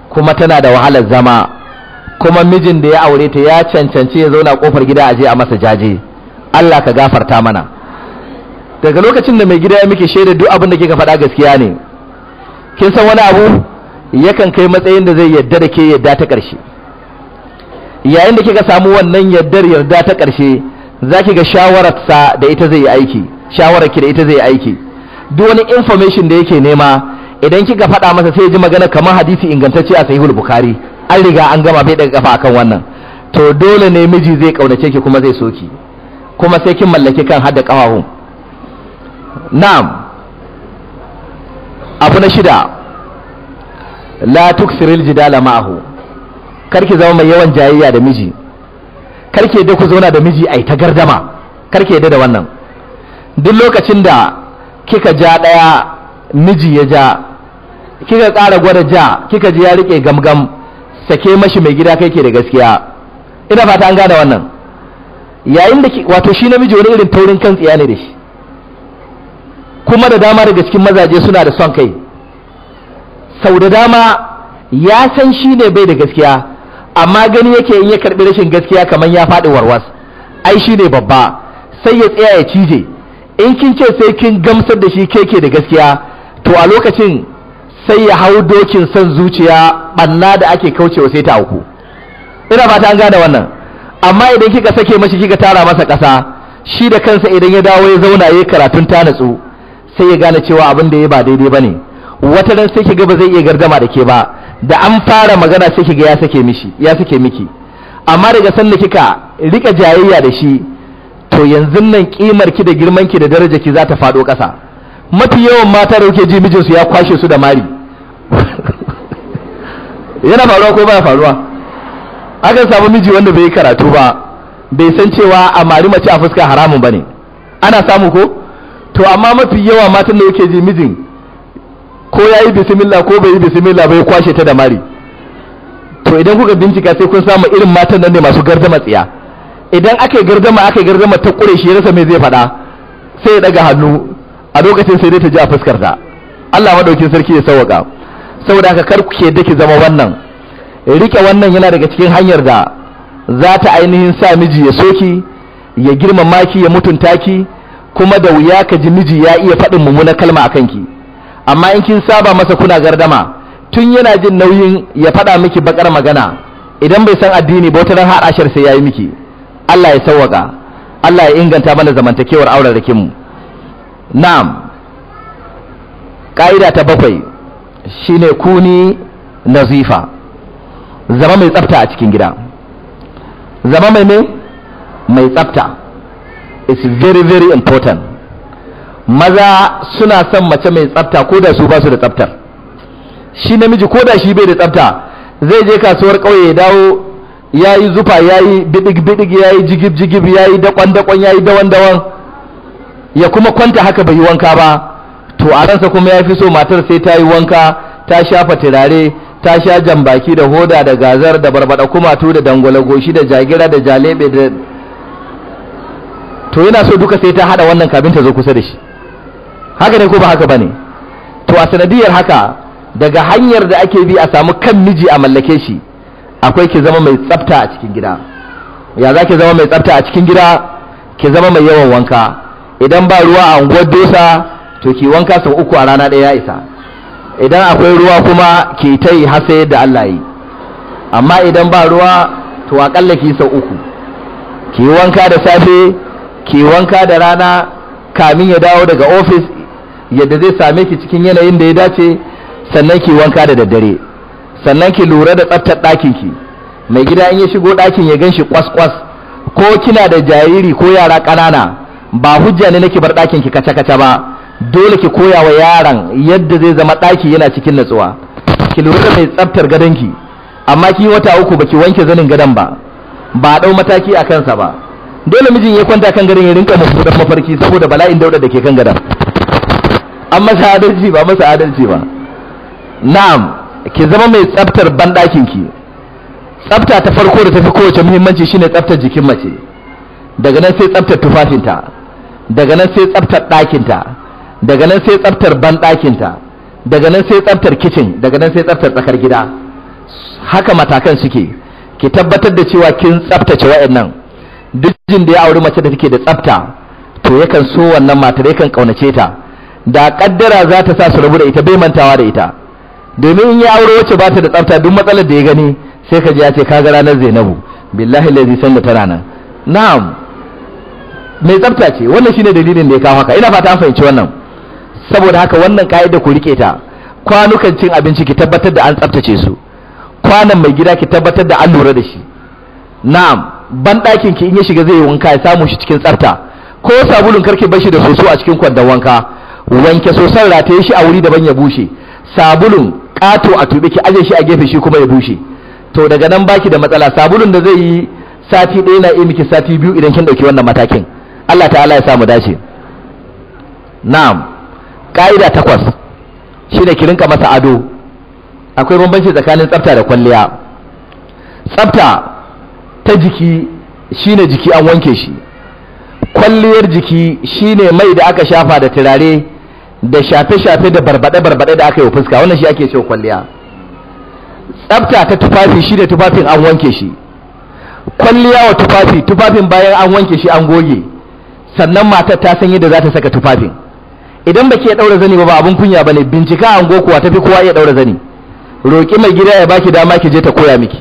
kuma tana da wahalar zama kuma mijin da ya aure ta ya cancanci ya zauna kofar gida aje a masa jaje Allah ka gafarta mana daga lokacin da mai gida ya miki shaida duk abin da kika faɗa gaskiya ne kin san wani abu yakan kai matsayin da zai yadda da ke yadda ta ƙarshe yayin da kika samu wannan yaddar yarda ta ƙarshe za ki ga shawararsa da ita zai yi aiki shawararki da ita zai yi aiki duk wani information da yake nema idan kika faɗa masa sai ji magana kamar hadisi ingantacce a sahihul bukhari an riga an gama bai daga kafa akan wannan to dole ne miji zai kaunace ki kuma zai soki kuma sai kin mallaki kan hada kawahu na'am abu na shida la tuksiril jidala ma'ahu karki zama mai yawan jayayya da miji karki da ku zauna da miji ai ta gardama karki yadda da wannan duk lokacin da kika ja daya miji ya ja kika ƙara gwada ja kika ji ya rike gamgam sake mashi mai gida kai ke da gaskiya ina fata an gane wannan yayin da wato shi namiji wani irin taurin kan tsiya ne da shi kuma da dama daga cikin mazaje suna da son kai sau da dama ya san shi ne bai da gaskiya amma gani yake in ya karbi rashin gaskiya kamar ya faɗi warwas ai shi ne babba sai ya tsaya ya cije in kin ce sai kin gamsar da shi keke da gaskiya to a lokacin sai ya hau dokin son zuciya banna da ake kaucewa sai ta auku ina fata an gane wannan amma idan kika sake mashi kika tara masa ƙasa shi da kansa idan ya dawo ya zauna ya yi karatun ta natsu sai ya gane cewa abin da ya ba daidai bane wata ran sai kiga ba zai iya gardama da ke ba da an fara magana sai kiga ya sake mishi ya sake miki amma daga sanda kika rika jayayya da shi to yanzu nan kimar ki da girman ki da daraja ki za ta faɗo ƙasa mafi yawan mata da kuke ji mijinsu ya kwashe su da mari yana faruwa ko baya faruwa akan samu miji wanda bai karatu ba bai san cewa a mari mace a fuska haramun bane ana samu ko to amma mafi yawa matan da yake ji mijin ko yayi bismillah ko bai yi bismillah bai kwashe ta da mari to idan kuka bincika sai kun samu irin matan nan ne masu gardama tsiya idan aka yi gardama aka yi gardama ta kure shi rasa mai zai faɗa sai ya daga hannu a lokacin sai dai ta ji a fuskar ta Allah madaukin sarki ya sauwaka saboda haka kar ku da ki zama wannan rike wannan yana daga cikin hanyar da za ta ainihin sa miji ya soki ya girmama ki ya mutunta ki kuma da wuya ka ji miji ya iya faɗin mummunar kalma a kanki amma in kin saba masa kuna gardama tun yana jin nauyin ya faɗa miki bakar magana idan bai san addini ba wata ran har ashar sai yayi miki Allah ya sauwaka, Allah ya inganta mana zamantakewar auren mu na'am ƙa'ida ta bakwai shine kuni nazifa zama mai tsafta a cikin gida zama mai ne mai tsafta its very very important maza suna son mace mai tsafta ko da su ba su da tsaftar shi namiji ko da shi bai da tsafta zai je kasuwar ƙauye ya dawo ya yi zufa ya yi bidig-bidig ya yi jigib-jigib ya yi dakon-dakon ya yi dawan-dawan ya kuma kwanta haka bai yi wanka ba to a ransa kuma ya fi so matar sai ta yi wanka ta shafa turare ta sha jambaki da hoda da gazar da barbada kumatu da dangwala goshi da jagira da jalebe da to yana so duka sai ta hada wannan kabin ta zo kusa da shi haka ne ko ba haka bane to a sanadiyar haka daga hanyar da ake bi a samu kan miji a mallake shi akwai ki zama mai tsafta a cikin gida ya za ki zama mai tsafta a cikin gida ki zama mai yawan wanka idan ba ruwa a unguwar dosa to ki wanka sau uku a rana ɗaya ya isa idan akwai ruwa kuma ki ta yi hasa yadda Allah yi amma idan ba ruwa to aƙalla ki sau uku ki wanka da safe ki wanka da rana kamin ya dawo daga ofis yadda zai same ki cikin yanayin da ya dace sannan ki wanka da daddare sannan ki lura da tsaftar ɗakin ki mai gida in ya shigo ɗakin ya ganshi kwas-kwas ko kina da jariri ko yara ƙanana ba hujja ne nake bar ɗakin ki kace kaca ba dole ki koya wa yaron yadda zai zama ɗaki yana cikin natsuwa ki lura da mai tsaftar gadonki amma ki wata uku baki wanke zanin gadon ba ba a ɗau mataki a kansa ba dole mijin ya kwanta kan gadon ya rinka mafudan mafarki saboda bala'in dauda da ke kan gadon an masa adalci ba masa adalci ba na'am ki zama mai tsaftar banɗakin ki tsafta ta farko da tafi kowace muhimmanci shine tsaftar jikin mace daga nan sai tsaftar tufafinta daga nan sai tsaftar ɗakinta daga nan sai tsaftar banɗakinta daga nan sai tsaftar kicin daga nan sai tsaftar tsakar gida haka matakan suke ki tabbatar da cewa kin tsaftace wa'annan duk jin da ya auri mace da take da tsafta to yakan so wannan matar yakan kaunace ta da kaddara za ta sa su rabu da ita bai mantawa da ita domin in ya aure wacce ba ta da tsafta duk matsalar da ya gani sai ka ji ya ce ka ga ranar Zainabu billahi lazi san da tana nan na'am mai tsafta ce wannan shine dalilin da ya kawo haka ina fata an fahimci wannan saboda haka wannan da ku rike ta kwanukan cin abinci ki tabbatar da an tsaftace su kwanan mai gida ki tabbatar da an lura da shi na'am ban ɗakin ki in ya shiga zai yi wanka ya samu shi cikin tsafta ko sabulun ki bar shi da soso a cikin kwandon wanka wanke soson rataye shi a wuri da ban ya bushe sabulun ƙato a tuɓe ki aje shi a gefe shi kuma ya bushe to daga nan baki da matsala sabulun da zai yi sati ɗaya na iya miki sati biyu idan kin ɗauki wannan matakin Allah ta'ala ya samu dace na'am ƙa'ida takwas shi ne kirinka masa ado akwai bambanci tsakanin tsafta da kwalliya tsafta ta jiki shi ne jiki an wanke shi kwalliyar jiki shi ne mai da aka shafa da turare da shafe-shafe da barbaɗe-barbaɗe da aka yi fuska wannan shi ake cewa kwalliya tsafta ta tufafi shi ne tufafin an wanke shi kwalliya wa tufafi tufafin bayan an wanke shi an goge sannan matar ta san yadda za ta saka tufafin idan baki ya daura zani ba ba abun kunya bane bincika an go kuwa tafi kowa iya daura zani roki mai gida ya baki dama ki je ta koya miki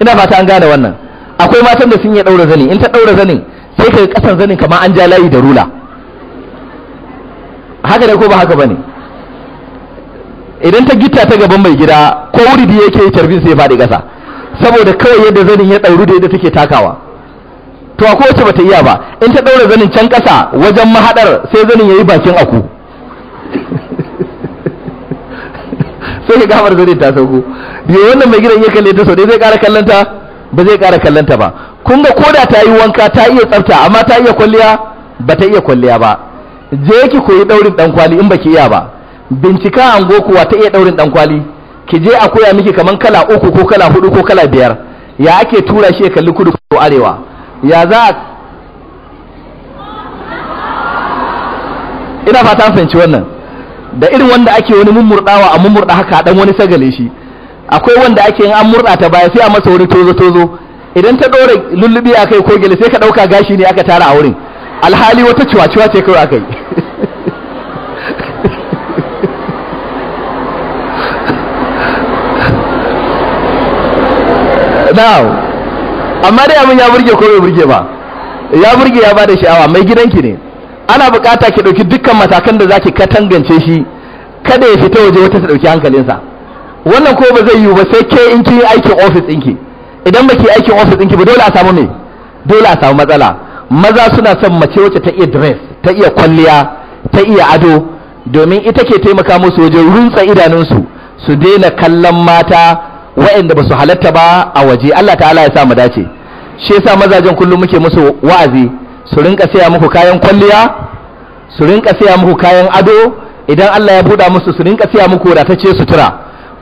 ina fata an gane wannan akwai matan da sun iya daura zani in ta daura zanin sai yi kasan zanin kamar an ja layi da rula haka da ko ba haka bane idan ta gitta ta gaban mai gida ko wuri da yake tarbin sai ya faɗi ƙasa saboda kawai yadda zanin ya ɗauru da yadda take takawa to a kowace bata iya ba in ta ɗaura zanin can ƙasa wajen mahaɗar sai zanin ya yi bakin aku sai ya gamar zai ta sauko yau wannan mai gidan ya kalle ta sau dai zai kara kallanta ba zai kara kallanta ba kun ga koda ta yi wanka ta iya tsafta amma ta iya kwalliya ba ta iya kwalliya ba je ki koyi daurin dan kwali in baki iya ba bincika ango kuwa ta iya daurin dan kwali ki je a koya miki kaman kala uku ko kala hudu ko kala biyar ya ake tura shi ya kalli kudu ko arewa ya za a ina fata fahimci wannan da irin wanda ake wani mummurɗawa, a mummurɗa haka dan wani sagale shi akwai wanda ake yin an murda ta baya sai a masa wani tozo tozo idan ta ɗora lullubi kai ko gele sai ka ɗauka gashi ne aka tara a wurin alhali wata ciwa-ciwa ce kawai yi now amma dai abin ya burge ko bai burge ba ya burge ya bada sha'awa mai gidanki ne ana bukata ki dauki dukkan matakan da zaki katangance shi kada ya fita waje wata ta ɗauki hankalinsa wannan ko ba zai yiwu ba sai ke in ki yi aikin ofis ɗinki idan ba ki aikin ofis ɗinki ba dole a samu me dole a samu matsala maza suna son mace wacce ta iya dress ta iya kwalliya ta iya ado domin ita ke taimaka musu waje runtsa idanun su su daina kallon mata waɗanda ba su halatta ba a waje Allah ta'ala ya sa mu dace shi yasa mazajen kullum muke musu wa'azi su rinka siya muku kayan kwalliya su rinka siya muku kayan ado idan Allah ya buɗa musu su rinka siya muku wadatacce sutura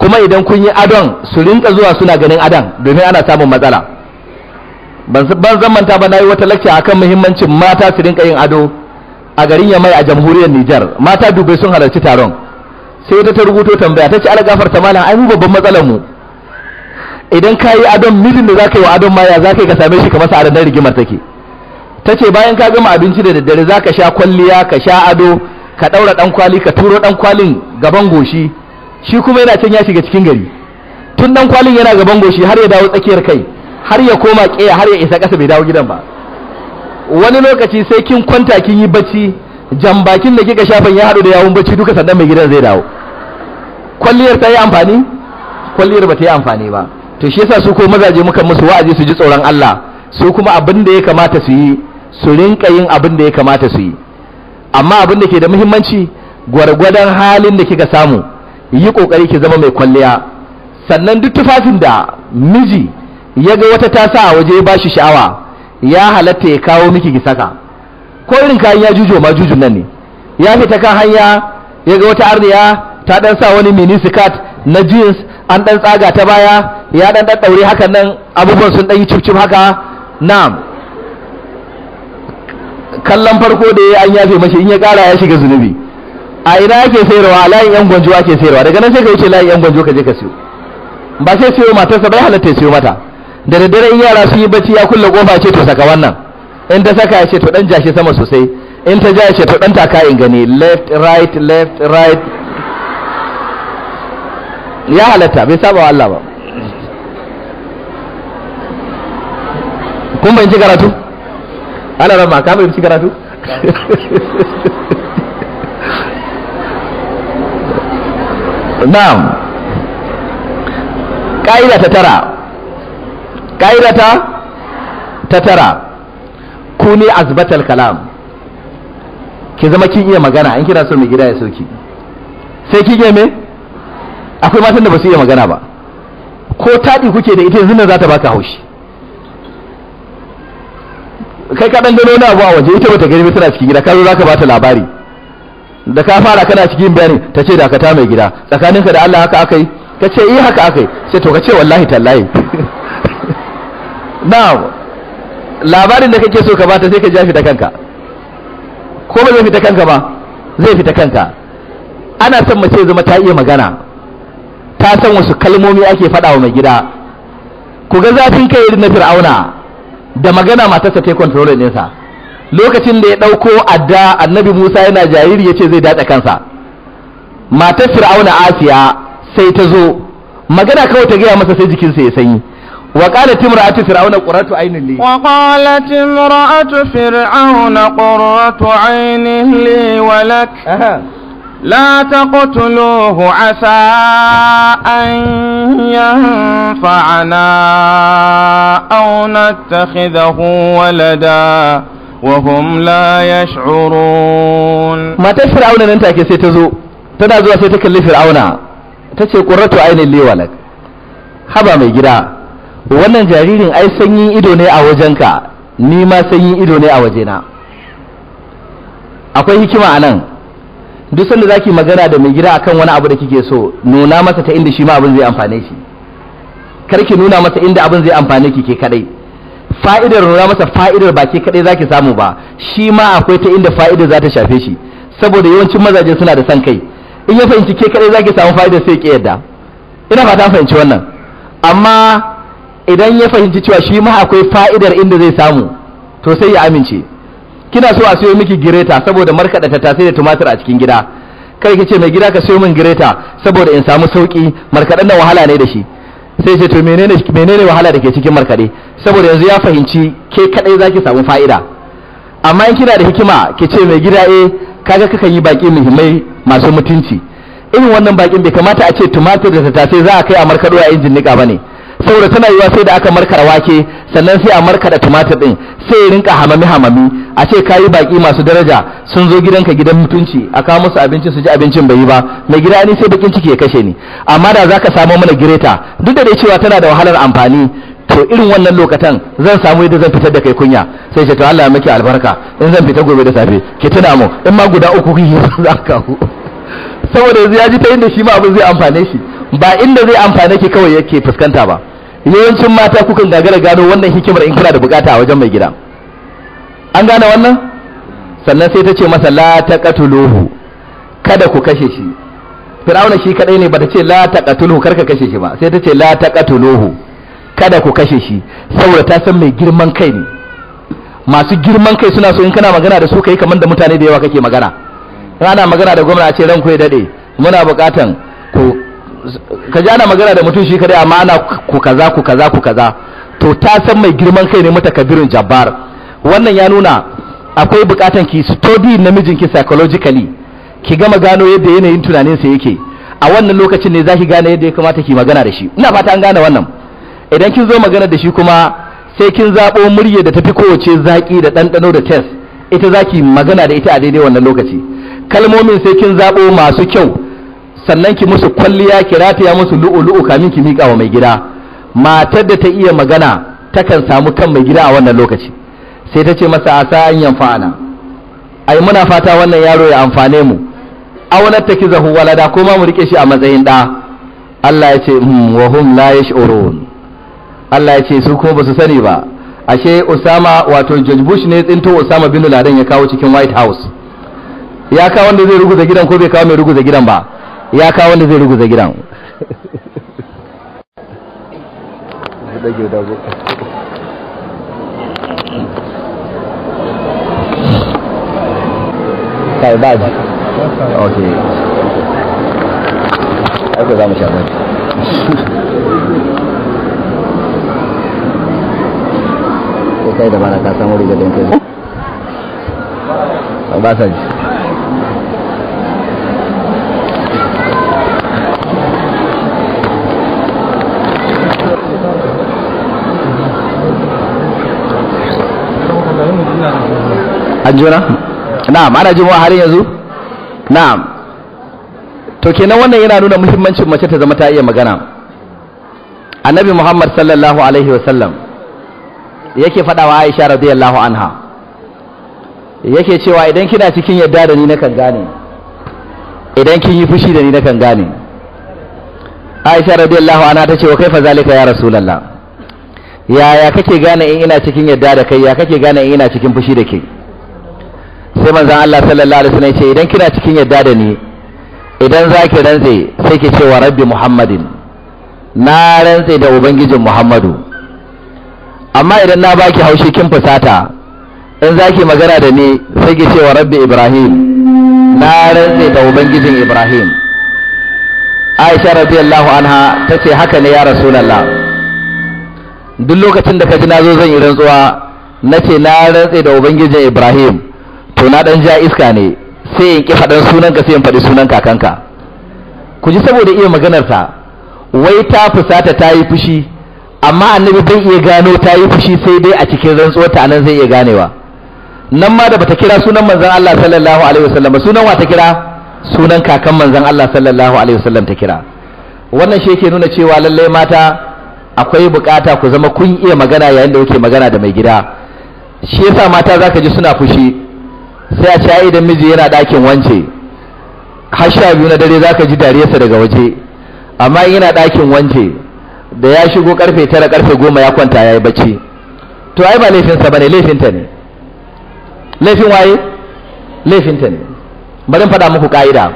kuma idan kun yi adon su rinka zuwa suna ganin adon domin ana samun matsala ban zamanta ba na yi wata lakca akan muhimmancin mata su rinka yin ado a garin yamai a jamhuriyar Nijar mata dubai sun halarci taron sai ta ta rubuto tambaya ta ci ala gafarta malam ai mu babban matsalar mu idan ka yi adon mijin da za ka yi wa adon maya za ka yi ka same shi kamar sa'adar rigimar take ta ce bayan ka gama abinci da daddare za ka sha kwalliya ka sha ado ka ɗaura ɗan kwali ka turo ɗan kwalin gaban goshi shi kuma yana can ya shiga cikin gari tun ɗan kwalin yana gaban goshi har ya dawo tsakiyar kai har ya koma ƙeya har ya isa ƙasa bai dawo gidan ba wani lokaci sai kin kwanta kin yi bacci jan bakin da kika shafan ya haɗu da yawun bacci duka sannan mai gidan zai dawo kwalliyar ta yi amfani kwalliyar ba ta yi amfani ba to shi yasa su ko mazaje muka musu wa'azi su ji tsoron Allah su kuma abin da ya kamata su yi su rinka yin abin da ya kamata su yi amma abin da ke da muhimmanci gwargwadon halin da kika samu yi kokari ki zama mai kwalliya sannan duk tufafin da miji ya ga wata ta sa waje ya bashi sha'awa ya halatta ya kawo miki ki saka ko irin kayan ya jujo ma jujun nan ne ya fita kan hanya ya ga wata arniya ta dan sa wani mini skirt na jeans an dan tsaga ta baya ya dan dan daure hakan nan abubuwan sun dan yi cip haka na'am kallon farko da ya an yafe mashi in ya kara ya shiga zunubi a ina ake sayarwa layin yan gwanjo ake sayarwa daga nan sai ka wuce layin yan gwanjo ka je ka siyo ba sai siyo matarsa bai halatta ya siyo mata da daddare in yara su yi bacci ya kulle kofa ce to saka wannan in ta saka ya ce to dan jashi sama sosai in ta ja ya ce to dan taka in gani left right left right ya halatta bai saba wa Allah ba kun ban ji karatu ana rama ka fahimci karatu na'am ƙa'ida ta tara ƙa'ida ta ta tara ku ne azbatal kalam ki zama kin iya magana in kina so mai gida ya soki sai ki me akwai matan da ba su iya magana ba ko taɗi kuke da ita yanzu nan za ta baka haushi kai ka dan gano abu a waje ita bata gani ba tana cikin gida ka zo zaka bata labari da ka fara kana cikin bayani ta ce dakata mai gida tsakaninka da Allah haka akai ka ce eh haka akai sai to ka ce wallahi tallahi na'am labarin da kake so ka bata sai ka ja ta kanka ko ba zai fita kanka ba zai fita kanka ana son mace zama ta iya magana ta san wasu kalmomi ake faɗa wa mai gida ku ga zafin kai irin na fir'auna da magana matarsa ta control ɗinsa lokacin da ya ɗauko adda annabi musa yana jariri ya ce zai datsa kansa matar fir'auna asiya sai ta zo magana kawai ta gaya masa sai jikinsa ya sanyi وقالت امرأة فرعون قرة عين لي وقالت امرأة فرعون قرة عين لي ولك أه. لا تقتلوه عسى أن ينفعنا أو نتخذه ولدا وهم لا يشعرون ما تشفر عونا أنت كي سيتزو تنازو في العونا تشي قرة عين اللي ولك خبا مي جدا wannan jaririn ai sanyin ido ne a wajenka ni ma sanyin ido ne a wajena akwai hikima a nan duk sanda zaki magana da mai gida akan wani abu da kike so nuna masa ta inda shi ma abin zai amfane shi kar ki nuna masa inda abin zai amfane ki ke kadai fa'idar nuna masa fa'idar ba ke kadai zaki samu ba shi ma akwai ta inda fa'idar za ta shafe shi saboda yawancin mazaje suna da san kai in ya fahimci ke kadai zaki samu fa'idar sai ki yadda ina fata fahimci wannan amma idan ya fahimci cewa shi ma akwai fa'idar inda zai samu to sai ya amince kina so a siyo miki gireta saboda markaɗa tattasai da tumatir a cikin gida kai kice mai gida ka siyo min gireta saboda in samu sauki markaɗan nan wahala ne da shi sai ce to menene menene wahala da ke cikin markaɗe saboda yanzu ya fahimci ke kadai zaki samu fa'ida amma in kina da hikima ki ce mai gida eh kaga kaka yi baki muhimmai masu mutunci irin wannan bakin bai kamata a ce tumatir da tattasai za a kai a markaɗo a injin niƙa bane ne saboda tana yiwa sai da aka markara wake sannan sai a markada tumatir din sai rinka hamami hamami a ce kayi baki masu daraja sun zo gidanka gidan mutunci a kawo musu abinci su ji abincin bai yi ba mai gida ni sai bakin ciki ya kashe ni amma da zaka samu mana gireta duk da dai cewa tana da wahalar amfani to irin wannan lokatan zan samu yadda zan fitar da kai kunya sai ce to Allah ya miki albarka in zan fita gobe da safe ki tuna mu in ma guda uku kun yi za ka saboda yanzu ya ji ta inda shi ma abin zai amfane shi ba inda zai amfane ki kawai yake fuskanta ba yawancin mata kukan gagara gano wannan hikimar in kana da bukata a wajen mai gida an gane wannan sannan sai ta ce masa la taqatuluhu kada ku kashe shi fir'auna shi kadai ne bata ce la ta kar ka kashe shi ba sai ta ce la taqatuluhu kada ku kashe shi saboda ta san mai girman kai ne masu girman kai suna so in kana magana da su kai kamar da mutane da yawa kake magana ana magana da gwamna a ce ranku ya dade muna bukatan ka ji ana magana da mutum shi kadai amma ana ku kaza ku kaza ku kaza to ta san mai girman kai ne mata kabirin jabbar wannan ya nuna akwai bukatan ki study namijinki psychologically ki gama gano yadda yanayin tunanin sa yake a wannan lokacin ne zaki gane yadda ya kamata ki magana da shi ina fata an gane wannan idan kin zo magana da shi kuma sai kin zabo murya da tafi kowace zaki da ɗanɗano da test ita zaki magana da ita a daidai wannan lokaci kalmomin sai kin zabo masu kyau sannan ki musu kwalliya ki rataya musu lu'ulu'u kamin ki miƙa wa mai gida matar da ta iya magana takan samu kan mai gida a wannan lokaci sai ta ce masa a sa'an yanfa'ana ai muna fata wannan yaro ya amfane mu aunar ta kizahu walada ko ma mu rike shi a matsayin da Allah ya ce mm, wa hum la yash'urun Allah ya ce su kuma su sani ba ashe Usama wato George Bush ne tsinto Usama bin Laden ya kawo cikin White House ya kawo wanda zai ruguza gidan ko bai kawo mai ruguza gidan ba ya kawo wanda zai ruguza gidan kai mu da bana ka samu rigar kai ba sa ji an juna na'am ana jimawa har yanzu na'am to kenan wannan yana nuna muhimmancin mace ta zama ta iya magana annabi muhammad sallallahu alaihi wasallam yake fadawa aisha radiyallahu anha yake cewa idan kina cikin yadda da ni na kan gane idan kin yi fushi da ni na kan gane aisha radiyallahu anha ta ce wa kaifa zalika ya rasulullah yaya kake gane in ina cikin yadda da kai ya kake gane in ina cikin fushi da kai sai manzon Allah sallallahu alaihi wasallam ya ce idan kina cikin yadda da ni idan za ki rantse sai ki ce wa rabbi muhammadin na rantse da ubangijin muhammadu amma idan na baki haushi kin fusata in za ki magana da ni sai ki ce wa rabbi ibrahim na rantse da ubangijin ibrahim aisha radiyallahu anha ta ce haka ne ya rasulallah duk lokacin da ka ji na zo zan yi rantsuwa na ce na rantse da ubangijin ibrahim to na dan ja iska ne sai in ki faɗan sunanka sai in faɗi sunan kakanka ku ji saboda iya maganar ta wai ta fusata ta yi fushi amma annabi bai iya gano ta yi fushi sai dai a cikin rantsuwar ta nan zai iya ganewa nan ma da bata kira sunan manzon Allah sallallahu alaihi wasallam sunan wa ta kira sunan kakan manzon Allah sallallahu alaihi wasallam ta kira wannan shi yake nuna cewa lallai mata akwai bukata ku zama kun iya magana yayin da kuke magana da mai gida shi yasa mata zaka ji suna fushi sai a ce idan miji yana ɗakin wance har sha biyu na dare za ka ji dariyarsa daga waje amma yana ɗakin wance da ya shigo karfe tara karfe goma ya kwanta ya yi bacci to ai ba laifinsa ba ne laifinta ne laifin waye laifinta ne bari faɗa muku ƙa'ida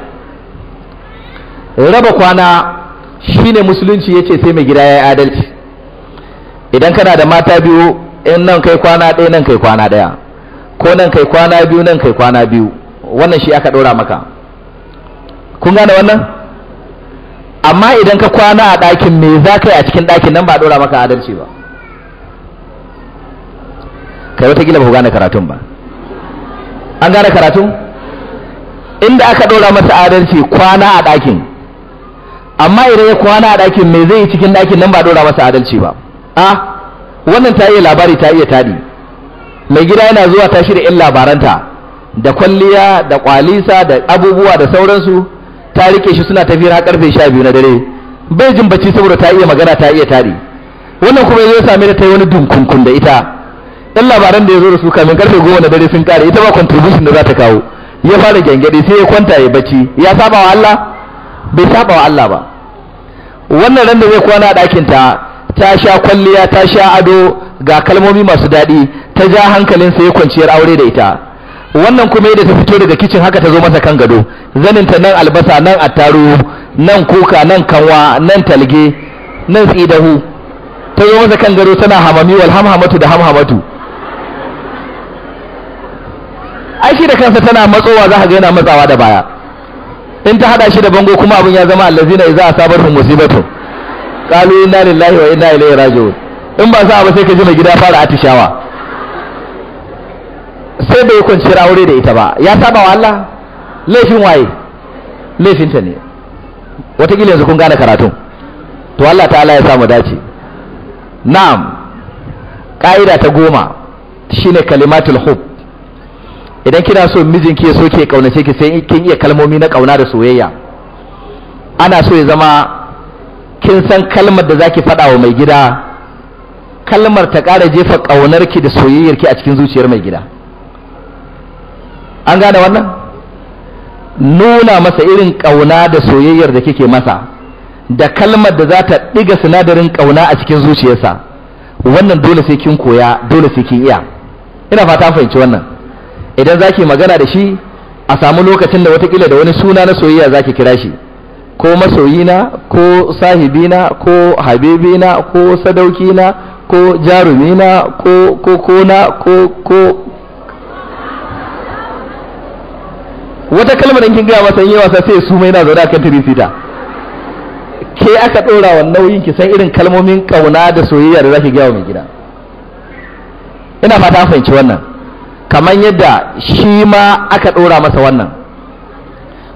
raba kwana shine musulunci ya ce sai mai gida ya yi adalci idan kana da mata biyu in nan kai kwana ɗaya nan kai kwana ɗaya ko nan kai kwana biyu nan kai kwana biyu wannan shi aka ɗora maka kun gane wannan amma idan ka kwana a ɗakin me za ka yi a cikin ɗakin nan ba a ɗora maka adalci ba kai gila ba ku gane karatun ba an gane karatun inda aka ɗora masa adalci kwana a ɗakin amma idan ya kwana a ɗakin me zai yi cikin ɗakin nan ba a ɗora masa adalci ba a ah, wannan ta iya labari ta iya tadi mai gida yana zuwa tashi da yan labaranta da kwalliya da kwalisa da abubuwa da sauransu ta rike shi suna tafiya har karfe sha biyu na dare bai jin bacci saboda ta iya magana ta iya tari wannan kuma ya same da ta yi wani dunkunkun da ita yan labaran da ya zo da su kamin karfe goma na dare sun kare ita ba contribution da za ta kawo ya fara gyangyaɗe sai ya kwanta ya bacci ya saba wa Allah bai saba wa Allah ba wannan ran da zai kwana a ɗakinta ta ta sha kwalliya ta sha ado ga kalmomi masu daɗi ta ja hankalinsa ya kwanciyar aure da ita wannan kuma yadda ta fito daga kicin haka ta zo masa kan gado zaninta nan albasa nan attaruhu nan kuka nan kanwa nan talge nan tsidahu ta zo masa kan gado tana hamami wal hamhamatu da hamhamatu ai shi da kansa tana matsowa za ka ga yana matsawa da baya in ta hada shi da bango kuma abin ya zama allazina sabar mu musibatu qalu inna lillahi wa inna ilaihi raji'un in ba sa ba sai ka ji mai gida fara atishawa sai bai kwanci aure da ita ba ya saba wa Allah laifin waye laifinta ne watakila yanzu kun gane karatun to Allah ta'ala ya samu dace na'am ƙa'ida ta goma shine kalimatul hub idan kina so mijinki ya so ke kaunace ki sai kin iya kalmomi na kauna da soyayya ana so ya zama kin san kalmar da zaki faɗa wa mai gida kalmar ta ƙara jefa ƙaunarki da soyayyarki a cikin zuciyar mai gida an gane wannan nuna masa irin ƙauna da soyayyar da kike masa da kalmar da za ta ɗiga sinadarin ƙauna a cikin zuciyarsa wannan dole sai kin koya dole sai kin iya ina fata fahimci wannan idan za ki magana da shi a samu lokacin da watakila da wani suna na soyayya za ki kira shi ko masoyina ko sahibina ko habibina ko sadaukina ko jarumina ko kokona ko ko wata kalmar in kin gaya masa in yi wasa sai su mai na zaune akan sita ke aka ɗora wa nauyin ki san irin kalmomin ƙauna da soyayya da zaki gaya wa mai gida ina fata an fahimci wannan kamar yadda shi ma aka ɗora masa wannan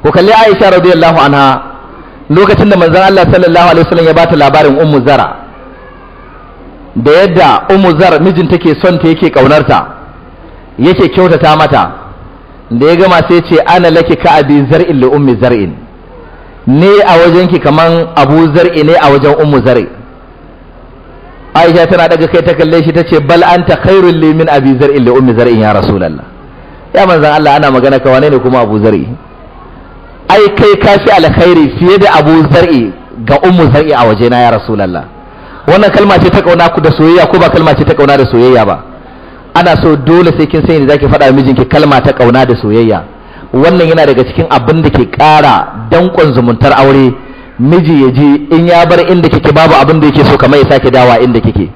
ku kalli Aisha radiyallahu anha lokacin da manzon Allah sallallahu alaihi wasallam ya bata labarin Ummu Zara da yadda Ummu zara mijin take son ta yake kaunarta yake kyautata mata da ya gama sai ce ana laki ka abi zar'in li ummi zar'in ne a wajen ki kaman abu zar'i ne a wajen ummu zar'i Aisha tana daga kai ta kalle shi tace bal anta khairul li min abi zar'in li ummi zar'in ya rasulullah ya manzon Allah ana magana ka wane ne kuma abu zar'i ai kai ka fi alkhairi fiye da abu zar'i ga ummu zar'i a wajena ya rasulullah wannan kalma ce ta kauna ku da soyayya ko ba kalma ce ta kauna da soyayya ba ana so dole sai kin sani da zaki faɗa mijinki kalma ta kauna da soyayya wannan yana daga cikin abin da ke ƙara danƙon zumuntar aure miji ya ji in ya bar inda kike babu abin da yake so kamar ya sake dawa inda kike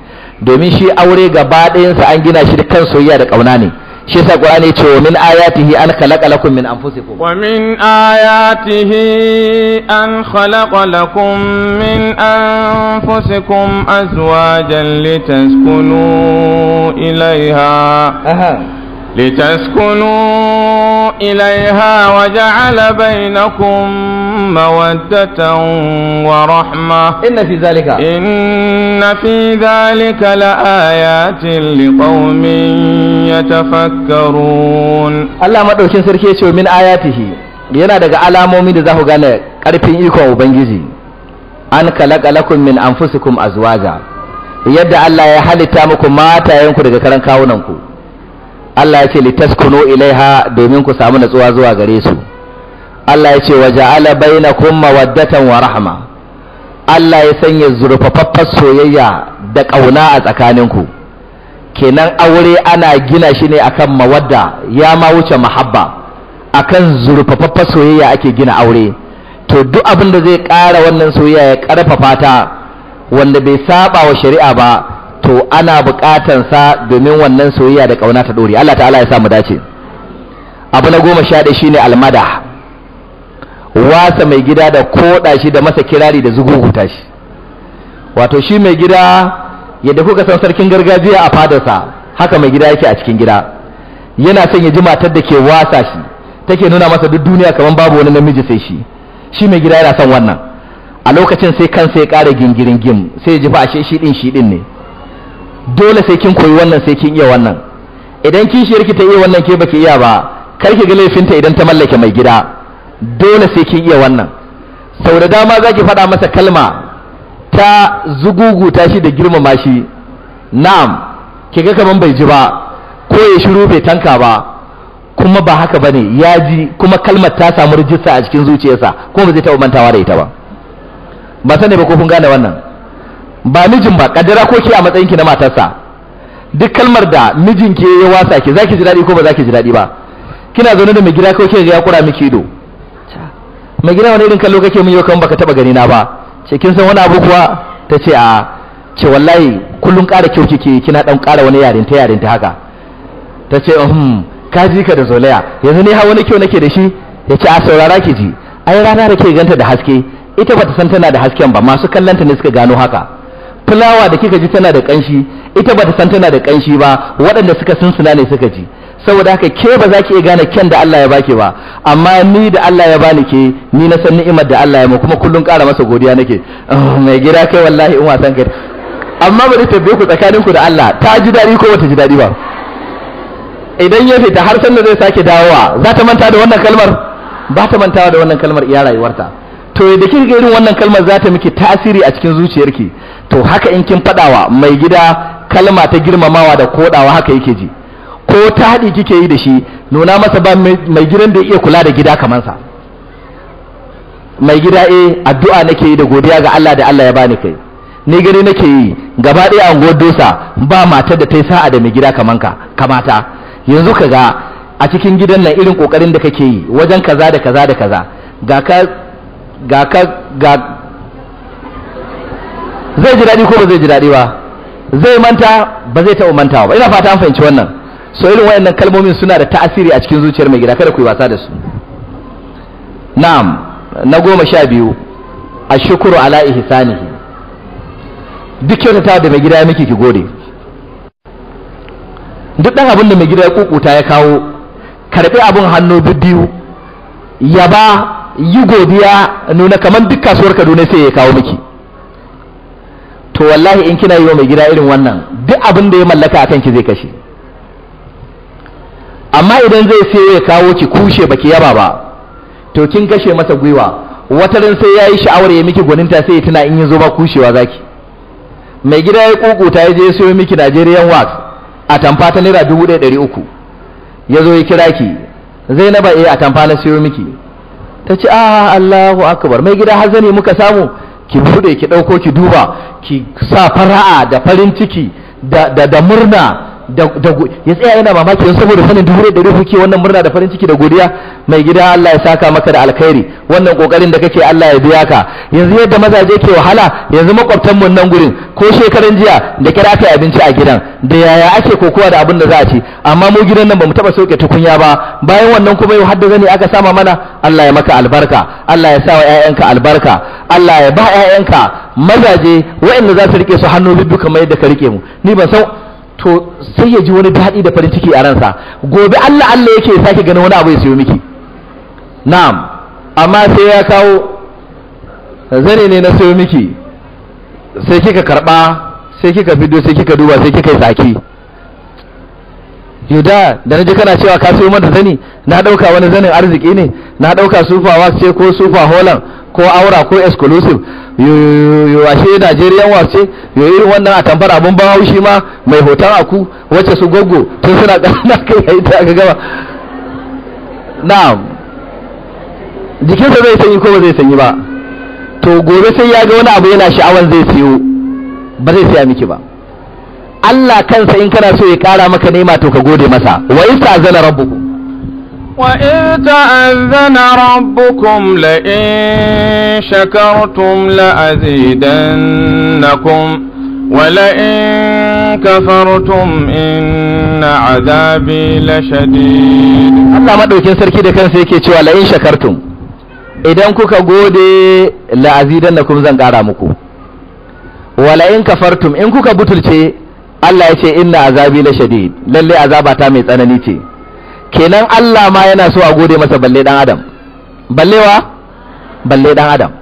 domin shi aure gaba ɗayansa an gina shi da kan soyayya da ƙauna ne shi yasa qur'ani ya ce wa min ayatihi an khalaqa lakum min anfusikum wa min ayatihi an khalaqa lakum min anfusikum azwajan litaskunu ilaiha لتسكنوا إليها وجعل بينكم مودة ورحمة إن في ذلك إن في ذلك لآيات لقوم يتفكرون الله مدوكين سركي من آياته yana daga alamomi da za ku gane ƙarfin ikon Ubangiji an kalaka lakum min anfusikum azwaja yadda Allah ya halitta muku matayenku daga karan kawunanku Allah ya ce taskunu ilaiha domin ku samu natsuwa zuwa gare su Allah ya ce wa ja'ala bainakum mawaddatan wa rahma Allah ya sanya zurfafaffar soyayya da ƙauna a tsakaninku kenan aure ana gina shi ne akan mawadda ya ma wuce mahabba akan zurfafaffar soyayya ake gina aure to duk abin da zai ƙara wannan soyayya ya ƙarfafa ta wanda bai saba wa shari'a ba to ana buƙatan sa domin wannan soyayya da ƙauna ta dore Allah ta'ala ya sa mu dace abu na goma sha ɗaya shine almada wasa mai gida da koɗa shi da masa kirari da zuguguta shi wato shi mai gida yadda kuka san sarkin gargajiya a fadarsa haka mai gida yake a cikin gida yana son ya ji matar da ke wasa shi take nuna masa duk duniya kamar babu wani namiji sai shi shi mai gida yana son wannan a lokacin sai kansa ya ƙara gingirin gim sai ya ji fa shi din shi din ne dole sai kin koyi wannan sai kin iya wannan idan kishiyar ki ta iya wannan ke baki iya ba kar ki ga laifinta idan ta mallake mai gida dole sai kin iya wannan sau da dama za ki faɗa masa kalma ta zuguguta shi da girmama shi na'am ki ga kaman bai ji ba ko ya shiru bai tanka ba kuma ba haka bane ya ji kuma kalmar ta samu rijista a cikin zuciyarsa kuma ba zai taɓa mantawa da ita ba ba sani ba ko kun gane wannan ba mijin ba kaddara ko ke a matsayin ki na matarsa duk kalmar da mijin ke ya wasa ki zaki ji dadi ko ba zaki ji dadi ba kina zaune da mai gida ko ke ya kura miki ido mai gida wani irin kallo kake mun yau kan baka taba gani na ba ce kin san wani abu kuwa ta ce a ce wallahi kullun ƙara kyau kike kina dan ƙara wani ta yarin ta haka ta ce um ka ji ka da zolaya yanzu ne ha wani kyau nake da shi ya ce a saurara ki ji ai rana da ke ganta da haske ita bata san tana da hasken ba masu kallanta ne suka gano haka fulawa da kika ji tana da kanshi ita bata san tana da kanshi ba waɗanda suka sunsuna ne suka ji saboda haka ke ba za ki iya gane kyan da Allah ya baki ba amma ni da Allah ya bani ke ni na san ni'imar da Allah ya mu kuma kullun ƙara masa godiya nake oh, mai gida kai wallahi in wasan kai amma bari biyo ku tsakaninku da Allah ta ji dadi ko bata ji dadi ba idan ya fita har san da zai sake dawowa za ta manta da wannan kalmar ba ta mantawa da wannan kalmar iya rayuwarta to da kin ga irin wannan kalmar za ta miki tasiri a cikin zuciyarki to haka in kin fadawa mai gida kalma ta girmamawa da kodawa haka yake ji ko ta haɗi kike yi da shi nuna masa ba mai gidan da iya kula da gida kamar sa mai gida e addu'a nake yi da godiya ga Allah da Allah ya bani kai ni gari nake yi gaba ɗaya an dosa ba matar da ta yi sa'a da mai gida kamar ka kamata yanzu ka ga a cikin gidan nan irin kokarin da kake yi wajen kaza da kaza da kaza ga ga ka ga zai ji daɗi ko ba zai ji daɗi ba zai manta ba zai taɓa mantawa ba ina fata an fahimci wannan so irin waɗannan kalmomin suna da ta'asiri a cikin zuciyar mai gida kada ku yi wasa da su na'am na goma sha biyu a shukuru ala ihsani duk kyautatawa da mai gida ya miki ki gode duk ɗan abin da mai gida ya kukuta ya kawo karɓi abin hannu biyu ya ba. yi godiya nuna kamar duk kasuwar kaduna sai ya kawo miki to wallahi in kina yi wa mai gida irin wannan duk abin da ya mallaka akan ki zai kashe amma idan zai sai ya kawo ki kushe baki yaba ba to kin kashe masa gwiwa watarin sai ya yi sha'awar ya miki gwaninta sai ya tuna in ya zo ba kushewa zaki mai gida ya kukuta ya je siyo miki Nigerian wax a tamfa ta naira dubu ɗaya ɗari uku ya zo ya kira ki zainaba eh a tamfa na siyo miki ta ce ah Allahu akbar mai gida hazani muka samu ki bude ki dauko ki duba ki sa fara'a da farin ciki da, da murna ya tsaya yana mamaki don saboda sanin dubu da ruhu ke wannan murna da farin ciki da godiya mai gida Allah ya saka maka da alkhairi wannan kokarin da kake Allah ya biya ka yanzu yadda mazaje ke wahala yanzu makwabtan mu nan gurin ko shekaran jiya da kira aka abinci a gidan da yaya ake kokowa da abin da za a ci amma mu gidan nan bamu taba soke tukunya ba bayan wannan kuma yau hadda zani aka sama mana Allah ya maka albarka Allah ya sa wa ƴaƴanka albarka Allah ya ba ƴaƴanka mazaje waɗanda za su rike su hannu bibbi kamar yadda ka rike mu ni ban san to sai ya ji wani daɗi da farin ciki a ransa gobe Allah Allah yake sake ganin wani abu ya siyo miki na'am amma sai ya kawo zane ne na siyo miki sai kika karɓa sai kika fido sai kika duba sai kika yi saki yuda da na ji kana cewa ka siyo mata zani na ɗauka wani zanin arziki ne na ɗauka sufa wax ce ko sufa holan ko aura ko exclusive yoyoyo ashe najeriyan wace yo irin wannan a tambar ban haushi ma mai hoton aku wacce su gogo tun suna ƙarna kai ya ta aka gaba Na jikinsa zai sanyi ko ba zai sanyi ba to gobe sai ya ga wani abu yana sha'awan zai siyo ba zai siya miki ba Allah kansa in kana so ya kara maka nema to ka gode masa wa zana rabbukum وإذ تأذن ربكم لئن شكرتم لأزيدنكم ولئن كفرتم إن عذابي لشديد الله ما دوكين سركي da kansa yake cewa la'in shakartum idan kuka gode la'azidannakum zan kara muku wala in kafartum in kuka butulce Allah ya ce inna azabi la shadid lalle azabata mai tsanani ce kenan Allah ma yana so a gode masa balle dan adam ballewa balle dan adam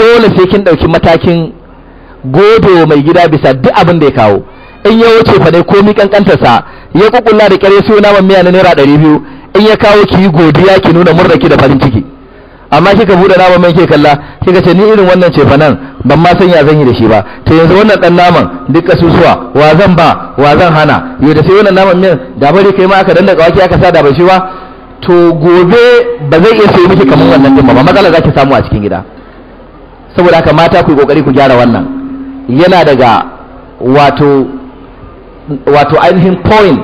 dole sai kin ɗauki matakin gode mai gida bisa duk abin da ya kawo in ya wuce fa dai komi sa ya kukulla da kare ya siyo naman miya na naira 200 in ya kawo ki godiya ki nuna murna ki da farin ciki amma kika buɗe naman mai ke kalla kika ce ni irin wannan ce fa nan ban ma san ya zan yi da shi ba ta yanzu wannan ɗan naman duk kasusuwa wa zan ba wa zan hana yau da sai wannan naman min da bari kai ma aka danda kawaki aka sa da bai shi ba to gobe ba zai iya sayi miki kamar wannan din ba matsala ki samu a cikin gida saboda haka mata ku yi ƙoƙari ku gyara wannan yana daga wato wato ainihin point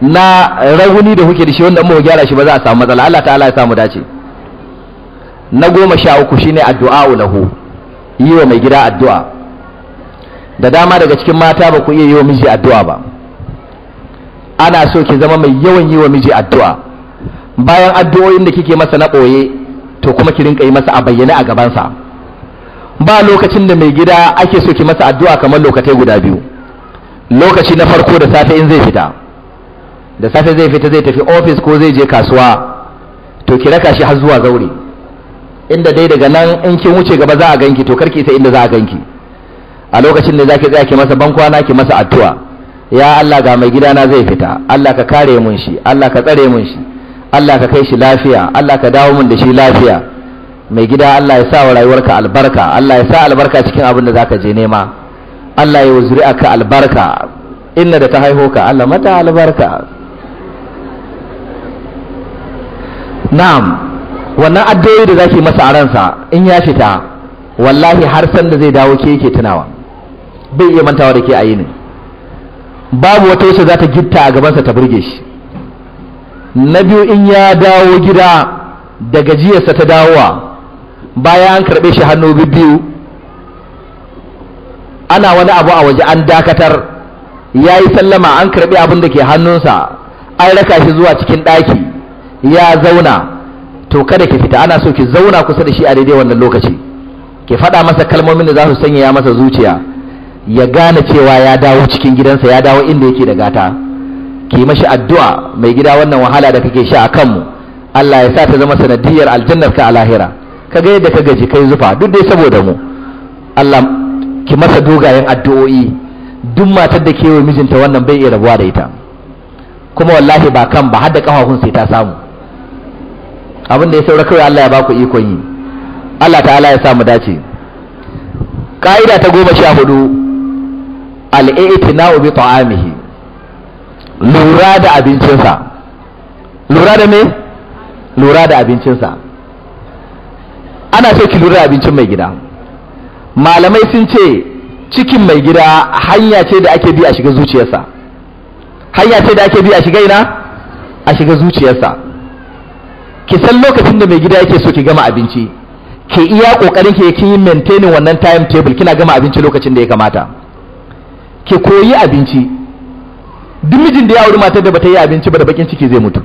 na rauni da kuke da shi wanda mu gyara shi ba za a samu matsala Allah ta'ala ya samu dace na goma sha uku shine addu'a lahu yi wa mai gida addu'a da dama daga cikin mata ba ku iya yi wa miji addu'a ba ana so ki zama mai yawan yi wa miji addu'a bayan addu'o'in da kike masa na ɓoye to kuma ki rinka yi masa a bayyane a gabansa ba lokacin da mai gida ake so ki masa addu'a kamar lokatai guda biyu lokaci na farko da safe in zai fita da safe zai fita zai tafi ofis ko zai je kasuwa to ki raka shi har zuwa zaure inda dai daga nan in kin wuce gaba za a ganki to karki sai inda za a ganki a lokacin da zaki tsaya ki masa bankwana ki masa addu'a ya Allah ga mai gidana zai fita Allah ka kare mun shi Allah ka tsare mun shi Allah ka kai shi lafiya Allah ka dawo mun da shi lafiya mai gida Allah ya sa wa rayuwarka albarka Allah ya sa albarka cikin abin da zaka je nema Allah ya wuzuri aka albarka inna da ta haihu ka Allah mata albarka na'am wannan addu'o'i da zaki masa a ransa in ya fita wallahi har san da zai dawo ke yake tunawa bai iya mantawa da ke a yini babu wata wacce za ta gitta a gabansa ta burge shi na biyu in ya dawo gida da gajiyarsa ta dawowa bayan an karɓe shi hannu biyu ana wani abu a waje an dakatar ya yi sallama an karɓi abin da ke hannunsa an raka shi zuwa cikin ɗaki ya zauna to kada ki fita ana so ki zauna kusa da shi a daidai wannan lokaci ki faɗa masa kalmomin da za su sanyaya masa zuciya ya gane cewa ya dawo cikin gidansa ya dawo inda yake da gata ki mashi addu'a mai gida wannan wahala da kake sha a kanmu Allah ya sa ta zama sanadiyar aljannar ka a lahira ka ga yadda ka gaji kai zufa duk dai saboda mu Allah ki masa dogayen addu'o'i duk matar da ke wa mijinta wannan bai iya rabuwa da ita kuma wallahi ba kan ba har da kafafun sai ta samu abin da ya saura kawai Allah ya baku ikon yi Allah ta'ala ya sa mu dace ka'ida ta goma sha hudu al'i'tina'u bi ta'amihi lura da abincinsa lura da me lura da abincinsa ana so ki lura da abincin mai gida malamai sun ce cikin mai gida hanya ce da ake bi a shiga zuciyarsa hanya ce da ake bi a shiga ina a shiga zuciyarsa ki san lokacin da mai gida yake so ki gama abinci ki iya kokarin ki yake maintaining wannan time table kina gama abinci lokacin da ya kamata ki koyi abinci duk mijin da ya auri matar da bata yi abinci ba da bakin ciki zai mutu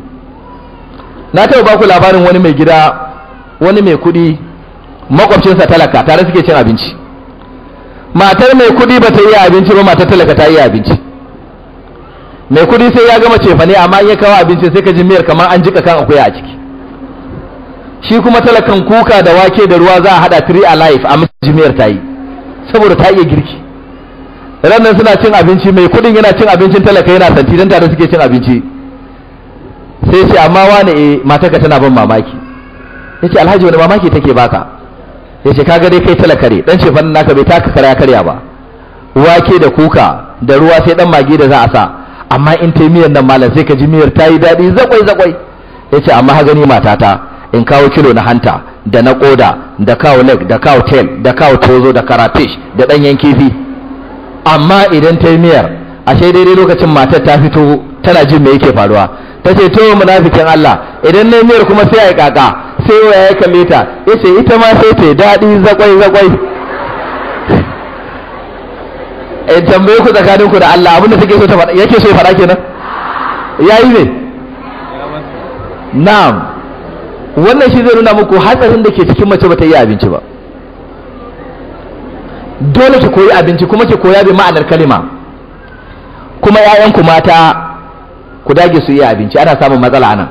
na taɓa baku labarin wani mai gida wani mai kuɗi makwabcinsa talaka tare suke cin abinci matar mai kuɗi bata yi abinci ba matar talaka ta yi abinci mai kuɗi sai ya gama cefane amma in ya kawo abinci sai ka ji miyar kamar an jika kan akuya a ciki shi kuma talakan kuka da wake da ruwa za a hada three alive a mace jimiyar ta yi saboda ta iya girki ranar suna cin abinci mai kudin yana cin abincin talaka yana santi don tare suke cin abinci sai ce amma wani e eh, mataka tana ban mamaki ya ce alhaji wani mamaki take baka ya ce kaga dai kai talakare dan ce fannin naka bai taka kara karya ba wake da kuka da ruwa sai dan magi da za a sa amma in ta nan malam sai ka ji miyar ta yi daɗi zakwai zakwai ya ce amma ha gani matata in kawo kilo na hanta da na koda da kawo leg da kawo tail da kawo tozo da karafish da ɗanyen kifi amma idan ta yi miyar ashe daidai lokacin matar ta fito tana jin me yake faruwa ta ce to munafikin Allah idan na miyar kuma sai a yi kaka sai waya ya kalle ta ya ita ma sai ta daɗi zakwai zakwai in eh, tambaye ku tsakaninku da Allah abinda take so ta faɗa yake so ya faɗa kenan yayi ne na'am wannan shi zai nuna muku hatsarin da ke cikin mace bata yi abinci ba dole ki koyi abinci kuma ki koya bi ma'anar kalima kuma yayanku mata ku dage su iya abinci ana samun matsala anan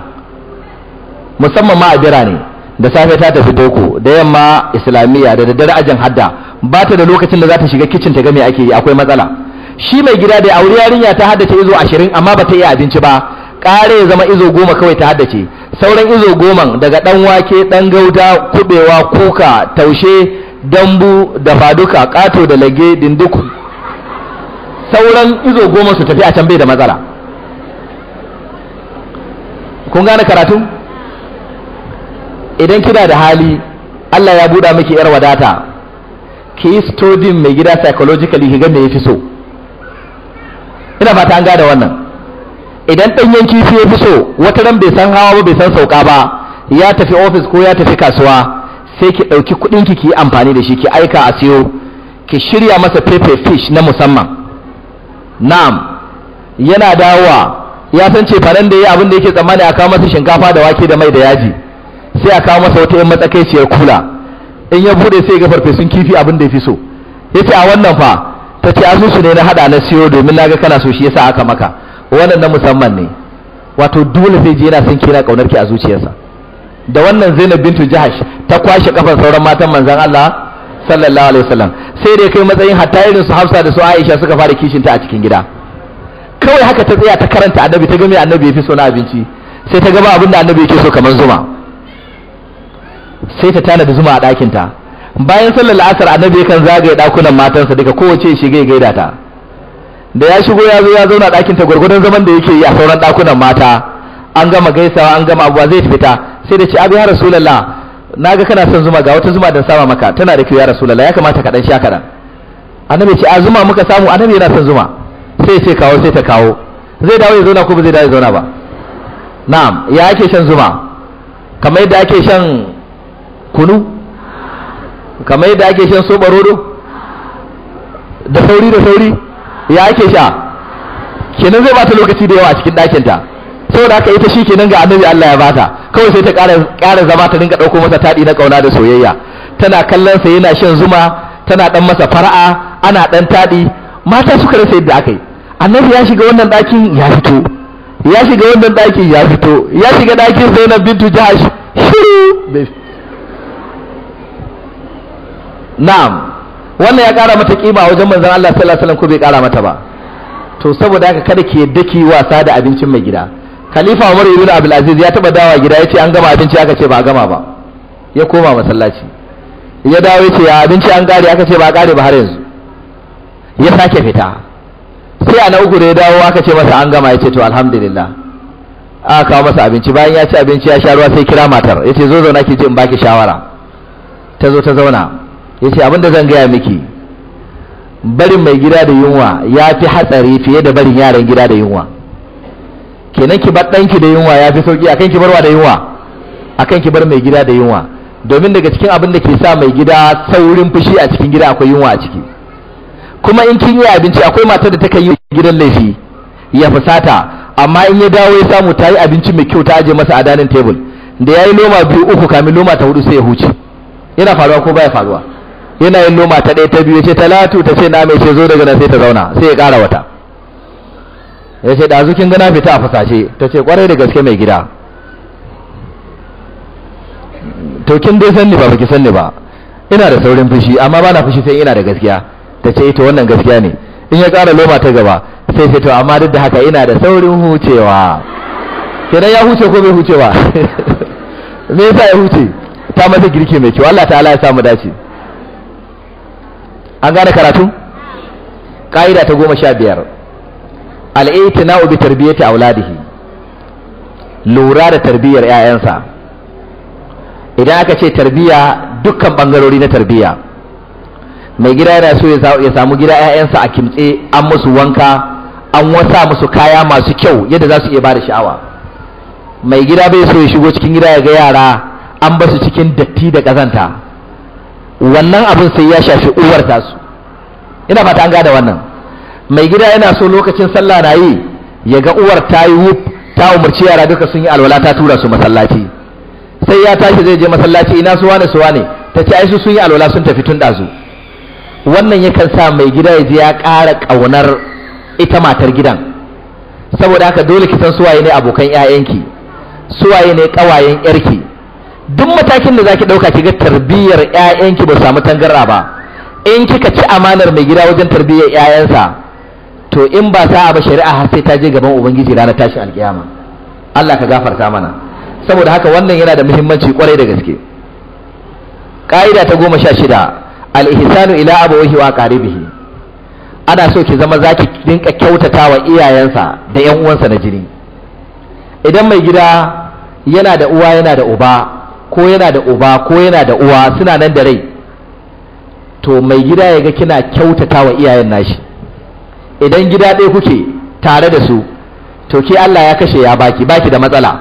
musamman ma a birane da safe ta tafi doko da yamma islamiyya da daddare ajin hadda ba ta da lokacin da za ta shiga kicin ta ga me ake yi akwai matsala shi mai gida da aure yarinya ta haddace izo ashirin amma ba ta iya abinci ba kare ya zama izo goma kawai ta haddace sauran izo goma daga ɗan wake ɗan gauda kubewa kuka taushe dambu da faduka kato da lage dinduku sauran izo goma su tafi a can bai da matsala kun gane karatu idan kina da hali Allah ya buɗa miki yar wadata ki yi mai gida psychologically ki ga me yafi so ina fata an gada wannan idan ɗanyen kifi ya fi so wata ran bai san hawa ba bai san sauka ba ya tafi ofis ko ya tafi kasuwa sai ki ɗauki kuɗin ki yi amfani da shi ki aika a siyo ki shirya masa pepe fish na musamman na'am yana dawowa ya san ce faran da ya abin da yake tsammani a kawo masa shinkafa da wake da mai da yaji sai a kawo masa wata yan matsakaiciyar kula in ya bude sai ga farfesun kifi abin da ya fi so yace a wannan fa ta ce asusu ne na hada na siyo domin naga kana so shi sa aka maka wannan na musamman ne wato dole sai je yana son kira kaunar ki a zuciyarsa da wannan Zainab bintu Jahash ta kwashe kafar sauran matan manzan Allah sallallahu alaihi wasallam sai dai kai matsayin hatta irin su Hafsa da su Aisha suka fara kishinta a cikin gida kawai haka ta tsaya ta karanta annabi ta ga me annabi yafi so na abinci sai ta gaba abin da annabi yake so kamar zuma sai ta tana da zuma a ɗakinta bayan sallar la'asar annabi kan zagaye ɗakunan matansa daga kowace shiga ya gaida ta da ya shigo ya zo ya zauna ɗakin ta gwargwadon zaman da yake yi a sauran ɗakunan mata an gama gaisawa an gama abuwa zai fita sai da ce abi ya rasulullah naga kana son zuma ga wata zuma don sama maka tana da kyau ya rasulullah ya kamata ka dan sha kaɗan annabi ce a zuma muka samu annabi yana son zuma sai ce kawo sai ta kawo zai dawo ya zauna ko ba zai dawo ya zauna ba na'am ya ake shan zuma kamar yadda ake shan kunu kamar yadda ake shan soɓa rodo da sauri da sauri ya ake sha kenan zai bata lokaci da yawa a cikin dakin ta saboda haka ita shi kenan ga annabi Allah ya bata kawai sai ta ƙara zama ta dinga ɗauko masa taɗi na ƙauna da soyayya tana kallon sa yana shan zuma tana ɗan masa fara'a ana ɗan taɗi mata suka rasa yadda aka yi annabi ya shiga wannan ɗakin ya fito ya shiga wannan ɗakin ya fito ya shiga ɗakin zainab bintu jahash shiru na'am wannan ya kara mata kima wajen manzon Allah sallallahu alaihi wasallam ko bai kara mata ba to saboda haka kada ki yadda ki wasa da abincin mai gida khalifa Umar ibn Abdul Aziz ya taba dawa gida yace an gama abinci aka ce ba a gama ba ya koma masallaci ya dawo yace ya abinci an gare aka ce ba a gare ba har yanzu ya sake fita sai a na uku da ya dawo aka ce masa an gama yace to alhamdulillah aka kawo masa abinci bayan ya ci abinci ya sha ruwa sai kira matar yace zo zauna ki je in baki shawara ta zo ta zauna yace ce da zan gaya miki barin mai gida da yunwa ya fi hatsari fiye da barin yaran gida da yunwa kenan ki bar ɗanki da yunwa ya fi sauki akan ki barwa da yunwa akan ki bar mai gida da yunwa domin daga cikin abin da ke sa mai gida saurin fushi a cikin gida akwai yunwa a ciki kuma in kin yi abinci akwai matar da take yi gidan laifi ya fusata amma in ya dawo ya samu ta yi abinci mai kyau ta aje masa a dining table da ya yi noma biyu uku kamin noma ta hudu sai ya huce yana faruwa ko baya faruwa yana yin noma ta ɗaya ta biyu ce talatu ta ce na mai ce zo daga nan sai ta zauna sai ya ƙara wata ya ce ɗazu kin gana fita a fasashe ta ce ƙwarai da gaske mai gida to kin dai sanni ba baki sanni ba ina da saurin fushi amma ba na fushi sai ina da gaskiya ta ce ita eh, wannan gaskiya ne in ya ƙara loma ta gaba sai sai to amma duk da haka ina da saurin hucewa kenan ya huce ko bai hucewa me yasa ya huce ta mata girki mai kyau Allah ta'ala ya samu dace an gane karatu ƙa'ida ta goma sha biyar al'itina'u bi tarbiyyati auladihi lura da tarbiyyar 'ya'yansa idan aka ce tarbiyya dukkan bangarori na tarbiyya mai gida yana so ya samu gida 'ya'yansa a kimtse an musu wanka an wasa musu kaya masu kyau yadda za su iya bada sha'awa mai gida bai so ya shigo cikin gida ya ga yara an basu cikin datti da ƙazanta wannan abin sai ya shafi uwar tasu ina fata an gada wannan mai gida yana so lokacin sallah na yi ya ga uwar ta yi wuf ta umarci yara duka sun yi alwala ta tura su masallaci sai ya tashi zai je masallaci ina su wane su wane ta ce aisu sun yi alwala sun tafi tun ɗazu wannan yakan sa mai gida ya je ya ƙara ƙaunar ita matar gidan saboda haka dole ki san suwaye ne abokan 'ya'yanki suwaye ne ƙawayen 'yarki duk matakin da zaki dauka kiga tarbiyyar ƴaƴanki ba samu tangarra ba in kika ci amanar mai gida wajen tarbiyyar ƴaƴansa to in ba sa'a ba shari'a har sai ta je gaban ubangiji ranar tashi alkiyama Allah ka gafarta mana saboda haka wannan yana da muhimmanci kwarai da gaske ƙa'ida ta goma sha shida al-ihsanu ila abawahi wa qaribihi ana so ki zama zaki dinka kyautatawa iyayensa da ƴan uwansa na jini idan mai gida yana da uwa yana da uba ko yana da uba ko yana da uwa suna nan da rai to mai gida ya ga kina kyautata wa iyayen nashi idan gida ɗaya kuke tare da su to ke Allah ya kashe ya baki baki da matsala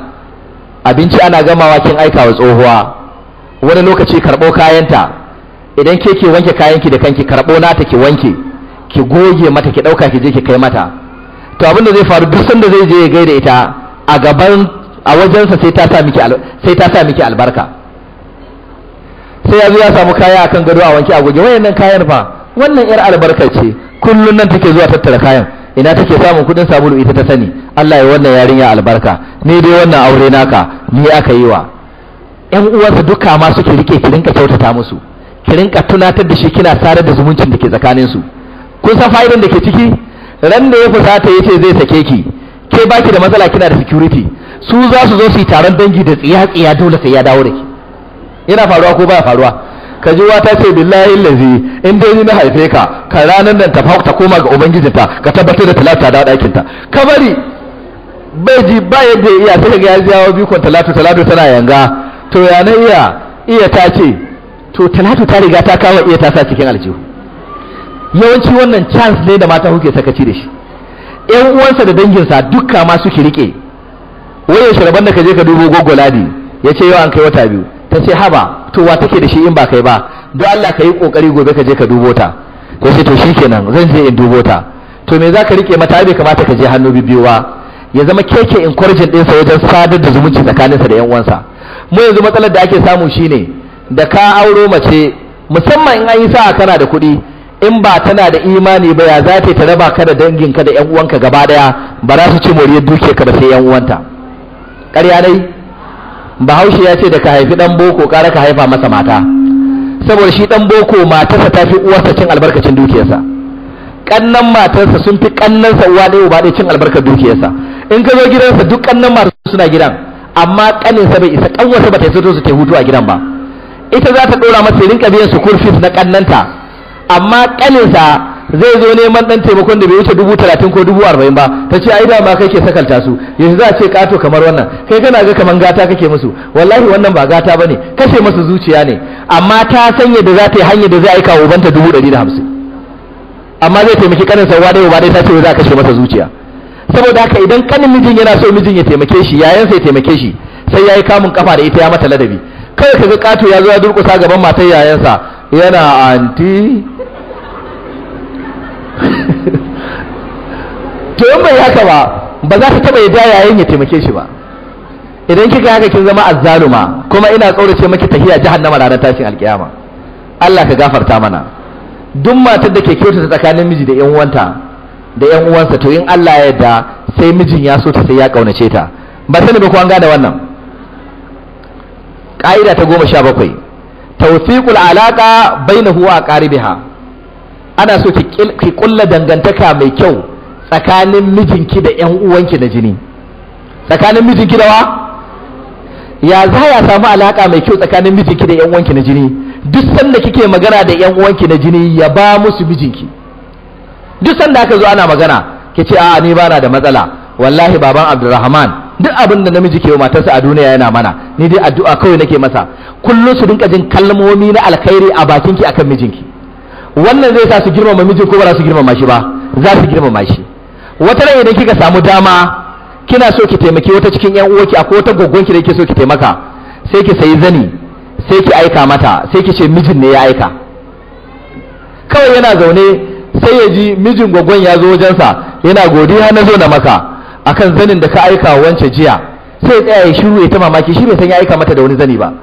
abinci ana gamawa kin aika wa tsohuwa wani lokaci karɓo kayanta idan ke ke wanke kayanki da kanki karɓo nata ki wanke ki goge mata ki ɗauka ki je ki kai mata to abin da zai faru duk sanda zai je ya gaida ita a gaban a wajensa sai ta sa miki albarka sai ya zo ya samu kaya a kan gado a wanke a goge wayannan kayan fa wannan yar albarka ce kullum nan take zuwa tattara kayan ina take samun kudin sabulu ita ta sani Allah ya wannan yarinya albarka ni dai wannan aure naka ni aka yi wa ƴan uwansa duka ma suke rike ki rinka kyautata musu ki rinka tunatar da shi kina sarar da zumuncin da ke tsakanin su kun san fa'idan da ke ciki ran da ya fusata yace zai sake ki ke baki da matsala kina da security su za su zo su yi taron dangi da tsiya tsiya dole sai ya dawo da ke yana faruwa ko baya faruwa ka ji wata ce billahi lazi in dai ni na haife ka ka ranar nan ta ta koma ga ubangijinta ka tabbatar da talata da ɗakin ta ka bari bai ji ba yadda ya iya sai ga ya biyu bikon talatu talatu tana yanga to ya na iya iya ta ce to talatu ta riga ta kawo iya ta sa cikin aljihu yawanci wannan chance ne da mata kuke sakaci da shi yan uwansa da danginsa dukka ma suke rike waye shirban da ka je ka dubo ne ya ce yau kai wata biyu ta ce haba to wa take da shi in ba kai ba don Allah ka yi kokari gobe ka je ka dubo ta ya ce to shikenan zan je in dubo ta to me za ka rike mata bai kamata ka je hannu biyu ba ya zama keke in din sa wajen sadar da zumunci tsakaninsa da 'yan uwansa mu yanzu matsalar da ake samu shine da ka auro mace musamman in an yi sa'a kana da kuɗi in ba tana da imani ba ya za ta raba ka da danginka da 'yan uwanka gaba daya ba za su ci moriyar dukiyarka da sai 'yan uwanta ƙarya dai bahaushe ya ce da ka haifi ɗan boko ƙara ka haifa masa mata saboda shi ɗan boko matarsa ta fi uwarsa cin albarkacin dukiyarsa ƙannan matarsa sun fi ƙannansa uwa ɗaya uba ɗaya cin albarkar dukiyarsa in ka zo gidansa duk ƙannan matarsa suna gidan amma ƙaninsa bai isa ƙanwarsa ba ta yi su ta hutu a gidan ba ita za ta ɗora masa rinka biyan su kurfis na ƙannanta amma ƙaninsa zai zo neman dan taimakon da bai wuce dubu talatin ko dubu arba'in ba ta ce ai dama kai ke sakalta su yanzu za a ce kato kamar wannan kai kana ga kamar gata kake musu wallahi wannan ba gata ba ne kashe masa zuciya ne amma ta san yadda za ta yi hanyar da za a yi kawo banta dubu ɗari da hamsin amma zai taimaki kanin sauwa dai ba dai ta ce za a kashe masa zuciya saboda haka idan kanin mijin yana so mijin ya taimake shi yayansa ya taimake shi sai ya yi kamun kafa da ita ya mata ladabi kai ka ga kato ya zo ya durƙusa gaban matar yayansa yana anti to in bai haka ba ba za ta taba yadda yayin ya taimake shi ba idan kika haka kin zama azzaluma kuma ina kaurace maki tahiya jahannama ranar tashin alkiyama Allah ka gafarta mana duk matar da ke kyautata tsakanin miji da yan uwanta da yan uwansa to in Allah ya yarda sai mijin ya so ta sai ya kaunace ta ba sani ba ko an gane wannan Ƙa'ida ta goma sha bakwai tawfiqul alaqa bainahu wa qaribiha ana so ki kulla dangantaka mai kyau tsakanin mijinki da ƴan uwanki na jini tsakanin mijinki da wa ya za ya samu alaka mai kyau tsakanin mijinki da ƴan uwanki na jini duk sanda kike magana da ƴan uwanki na jini ya ba musu mijinki duk sanda aka zo ana magana ki ce a'a ni ba na da matsala wallahi baban Abdulrahman duk abin da namiji ke matarsa a duniya yana mana ni dai addu'a kawai nake masa kullum su dinka jin kalmomi na alkhairi a bakinki akan mijinki wannan zai sa su girmama mijin ko ba za su girmama shi ba za su girmama shi wata rai idan kika samu dama kina so ki taimaki wata cikin yan uwaki akwai wata goggon ki da kike so ki taimaka sai ki sayi zani sai ki aika mata sai ki ce mijin ne ya aika kawai yana zaune sai ya ji mijin gwaggon ya zo wajensa yana godiya na zo na maka akan zanin da ka aika wance jiya sai ya tsaya ya shiru ya ta mamaki shi bai san ya aika mata da wani zani ba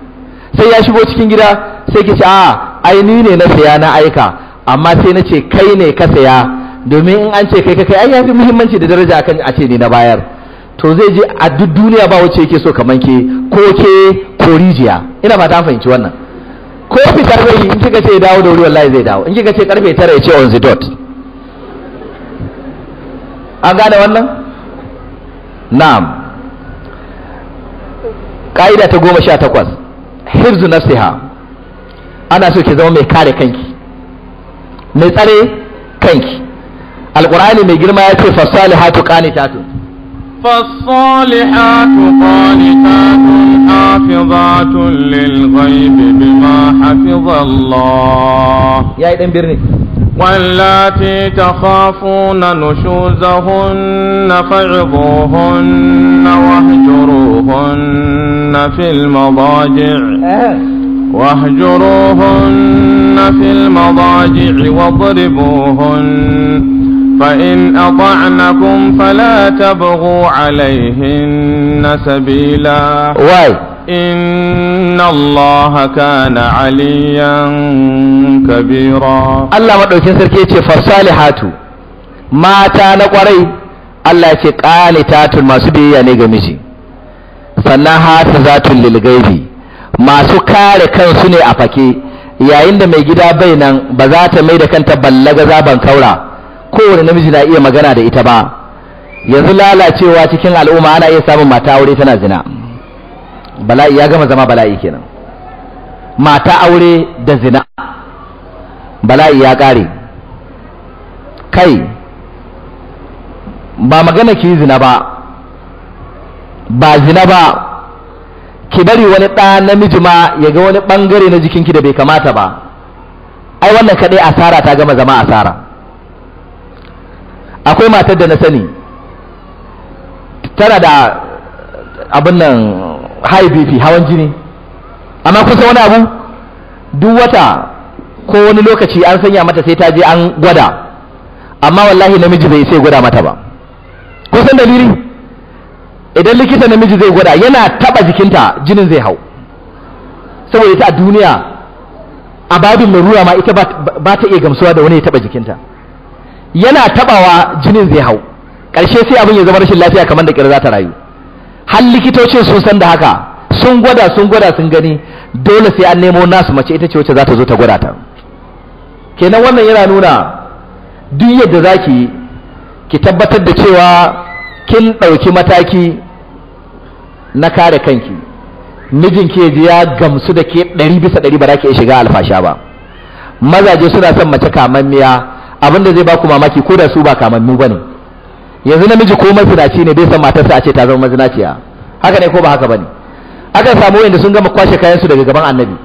sai ya shigo cikin gida sai ki ce a ai ni ne na saya na aika amma sai na ce kai ne ka saya domin in an ce kai kai ai yafi muhimmanci da daraja akan a ce ni na bayar to zai je a duk duniya ba wacce yake so kaman ke ko ke ko rijiya ina ba ta fahimci wannan ko fitar bai in kika ce dawo da wuri wallahi zai dawo in kika ce karfe 9 ya ce on the dot an gane wannan na'am ka'ida ta goma sha takwas hibzu nasiha ana so ki zama mai kare kanki mai tsare kanki القرآن من girma ya فالصالحات قانتات فالصالحات قانتات حافظات للغيب بما حفظ الله يا إذن برني واللاتي تخافون نشوزهن فعظوهن واهجروهن في المضاجع آه. واهجروهن في المضاجع واضربوهن فإن أطعنكم فلا تبغوا عليهن سبيلا واي إن الله كان عليا كبيرا الله ما دوكين سركي يتي فالصالحات ما تانا قري الله يتي قانتات ما سبي يعني غمجي sannan hafizatun lil gaibi masu kare kansu ne a fake yayin da mai gida bai nan ba za ta kowane namiji na iya magana da ita ba yanzu lalacewa cikin al'umma ana iya samun mata aure tana zina bala'i ya gama zama bala'i kenan mata aure da zina bala'i ya ƙare kai ba magana ki zina ba ba zina ba ki bari wani ɗa namiji ma ya ga wani ɓangare na jikinki da bai kamata ba ai wannan kaɗai asara ta gama zama asara akwai matar da na sani tana da abin nan high bp hawan jini amma kusa wani abu duk wata ko wani lokaci an sanya mata sai ta je an gwada amma wallahi namiji bai sai gwada mata ba kusan dalili idan likita namiji zai gwada yana taba jikinta jinin zai hau saboda ita a duniya a babin larura ma ita ba ta iya gamsuwa da wani ya taba jikinta yana tabawa jinin zai hau ƙarshe sai abin ya zama rashin lafiya kamar da ƙirza ta rayu har likitocin sun san da haka sun gwada sun gwada sun gani dole sai an nemo nasu mace ita ce wacce za ta zo ta gwada ta kenan wannan yana nuna duk yadda za ki ki tabbatar da cewa kin ɗauki mataki na kare kanki mijin ke ya gamsu da ke ɗari bisa ɗari ba za ki iya shiga alfasha ba mazaje suna son mace kamammiya abin da zai ba ku mamaki ko da su ba kamannu ba ne yanzu namiji ko mazinaci ne bai san matarsa a ce ta zama mazinaciya haka ne ko ba haka ba ne akan samu wanda sun gama kwashe kayansu daga gaban annabi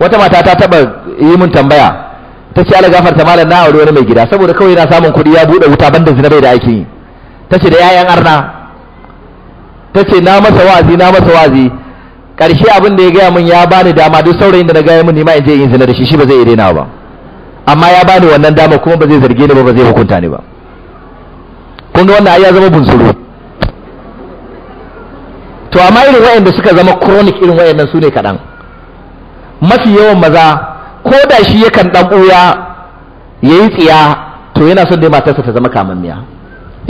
wata mata ta taba yi mun tambaya ta ce ala gafarta malam na aure wani mai gida saboda kawai yana samun kuɗi ya buɗe wuta banda zinabai bai da aikin yi ta ce da 'ya'yan arna ta ce na masa wazi na masa wazi ƙarshe abin da ya gaya min ya bani dama duk saurayin da na gaya min nima in je in zina da shi shi ba zai iya daina ba amma ya bani wannan dama kuma ba zai zarge ni ba ba zai hukunta ni ba kun ga wannan ai ya zama bunsuru to amma irin wayanda suka zama chronic irin wayannan su ne kaɗan mafi yawan maza ko da shi yakan ɗan ɓuya ya yi tsiya to yana son dai matarsa ta zama kamammiya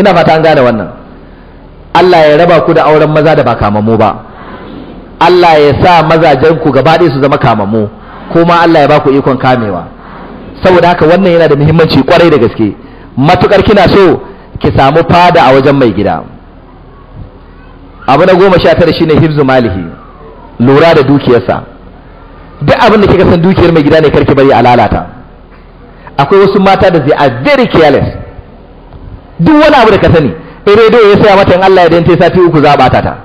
ina fata an gane wannan Allah ya raba ku da auren maza da ba kamammu ba Allah ya sa mazajen ku gaba ɗaya su zama kamammu kuma Allah ya ba ku ikon kamewa saboda haka wannan yana da muhimmanci kwarai da gaske matukar kina so ki samu fada a wajen mai gida abu na goma sha tara shine Hibzu malihi lura da dukiyarsa duk abin da kika san dukiyar mai gida ne karki bari a lalata akwai wasu mata da zai a very careless duk wani abu da ka sani in rediyo ya saya mata in Allah ya danta sati uku za a bata ta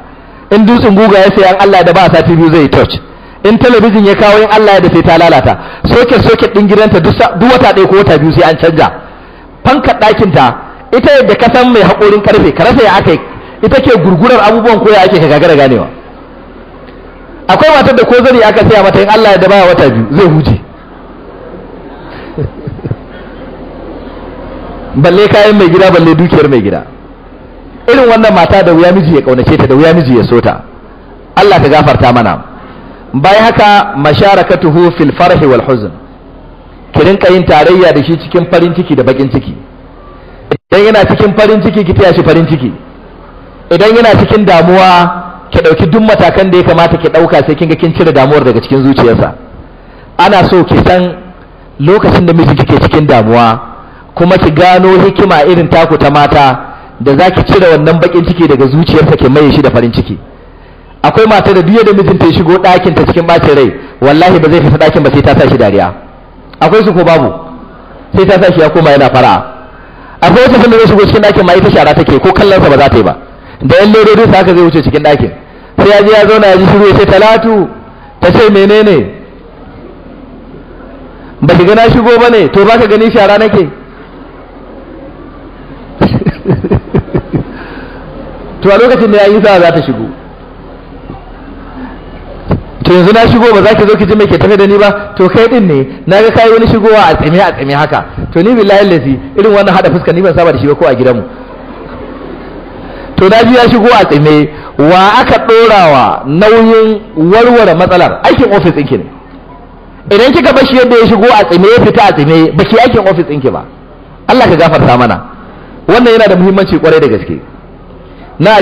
in dutsen guga ya saya in Allah da ba sati biyu zai touch in talabijin ya kawo in Allah ya da sai ta lalata soket soket din gidanta duk wata ɗaya ko wata biyu sai an canja Fanka ɗakin ta ita yadda ka san mai haƙorin karfe ka rasa ya aka yi ita ke gurgurar abubuwan ko ya ake ka gagara ganewa akwai matar da ko zani aka saya mata in Allah ya da baya wata biyu zai huje balle kayan mai gida balle dukiyar mai gida irin wannan mata da wuya miji ya kaunace ta da wuya miji ya so ta Allah ta gafarta mana bayan haka masharakatuhu fil farhi wal huzn ki rinka yin tarayya da shi cikin farin ciki da bakin ciki idan yana cikin farin ciki ki taya shi farin ciki idan yana cikin damuwa ki dauki duk matakan da ya kamata ki dauka sai kin ga kin cire damuwar daga cikin zuciyarsa ana so ki san lokacin da miji kike cikin damuwa kuma ki gano hikima irin taku ta mata da zaki cire wannan bakin ciki daga zuciyarsa ki maye shi da farin ciki akwai mata da duk da mijinta ya shigo ɗakin ta cikin ɓacin rai wallahi ba zai fita ɗakin ba sai ta sashi dariya akwai su ko babu sai ta sashi ya koma yana fara akwai wata da zai shigo cikin ɗakin ma ita shara take ko kallon sa ba za ta yi ba da yan ledodin sa haka zai wuce cikin ɗakin sai ya je ya zauna ya ji shiru ya ce talatu ta ce menene ba ki gana shigo ba ne to ba ka gani shara nake to a lokacin da ya yi za ta shigo to yanzu na shigo ba za ki zo ki ji mai ke tafe da ni ba to kai din ne na ga kai wani shigowa a tsime a tsime haka to ni billahi lazi irin wannan hada fuska ni ban saba da shi ba ko a gidanmu to na ji ya shigo a tsime wa aka dorawa nauyin warware matsalar aikin office ɗinki ne idan kika bar shi yadda ya shigo a tsime ya fita a tsime ba ki aikin office ɗinki ba Allah ka gafarta mana wannan yana da muhimmanci kwarai da gaske na da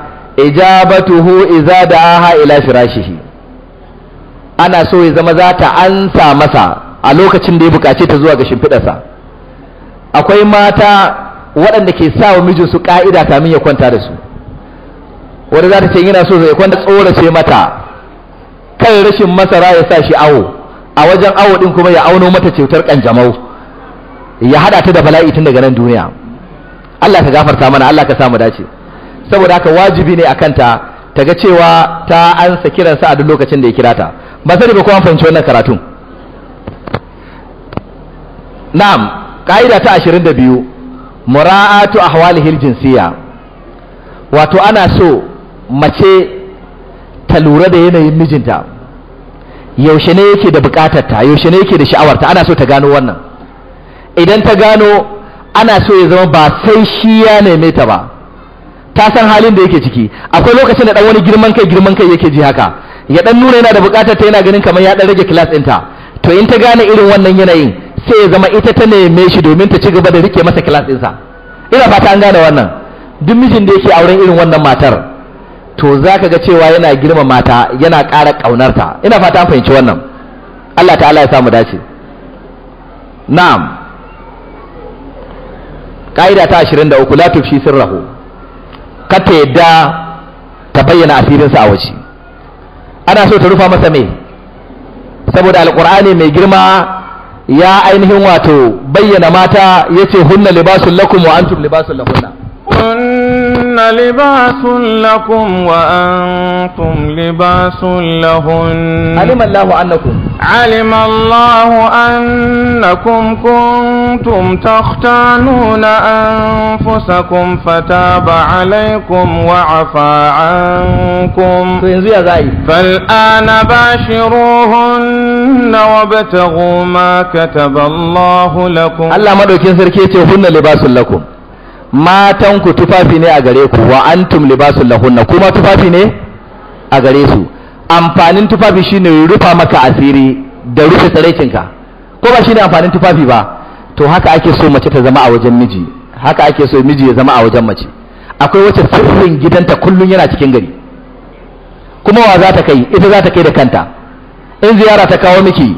21 ijabatuhu idza da'aha ila firashihi ana so ya zama za ta ansa masa a lokacin da ya bukace ta zuwa ga shimfiɗarsa akwai mata waɗanda ke sa wa mijinsu ƙa'ida kamin ya kwanta da su wanda za ta ce yana so ya kwanta tsorace mata kan rashin masara ya sa shi awo a wajen awo ɗin kuma ya auno mata cutar ƙanjamau ya haɗa ta da bala'i tun daga nan duniya Allah ka gafarta mana Allah ka samu dace saboda haka wajibi ne akan ta ta ga cewa ta ansa kiransa a duk lokacin da ya kira ta ba sai ba ko an fahimci wannan karatun na'am ka'ida ta 22 mura'atu ahwalihil jinsiya wato ana so mace ta lura da yanayin mijinta yaushe ne yake da ta yaushe ne yake da sha'awar ta ana so ta gano wannan idan ta gano ana so ya zama ba sai shi ya neme ta ba ta san halin da yake ciki akwai lokacin da dan wani girman kai girman kai yake ji haka ya dan nuna yana da bukatar ta yana ganin kamar ya dan rage class ɗinta to in ta gane irin wannan yanayin sai ya zama ita ta neme shi domin ta ci gaba da rike masa class ɗinsa ina fata an gane wannan duk mijin da yake auren irin wannan matar to za ka ga cewa yana girma mata yana ƙara ƙaunarta ina fata an fahimci wannan Allah ta'ala ya samu dace na'am ƙa'ida ta 23 la tufshi sirrahu kata yadda ta bayyana asirinsa a waje ana so ta rufa masa mai saboda alkur'ani mai girma ya ainihin wato bayyana mata yace hunna libasul lakum wa antum libasul lahunna هن لباس لكم وأنتم لباس لهن علم الله أنكم علم الله أنكم كنتم تختانون أنفسكم فتاب عليكم وعفى عنكم فالآن باشروهن وابتغوا ما كتب الله لكم الله ما دوكين سركيتي هن لباس لكم matanku tufafi ne a gare ku wa antum libasul lahunna kuma tufafi ne a gare su amfanin tufafi shine rufa maka asiri da rufe ka ko ba shine amfanin tufafi ba to haka ake so mace ta zama a wajen miji haka ake so miji ya zama a wajen mace akwai wacce sirrin gidanta kullun yana cikin gari kuma wa za ta kai ita za ta kai da kanta in ziyara ta kawo miki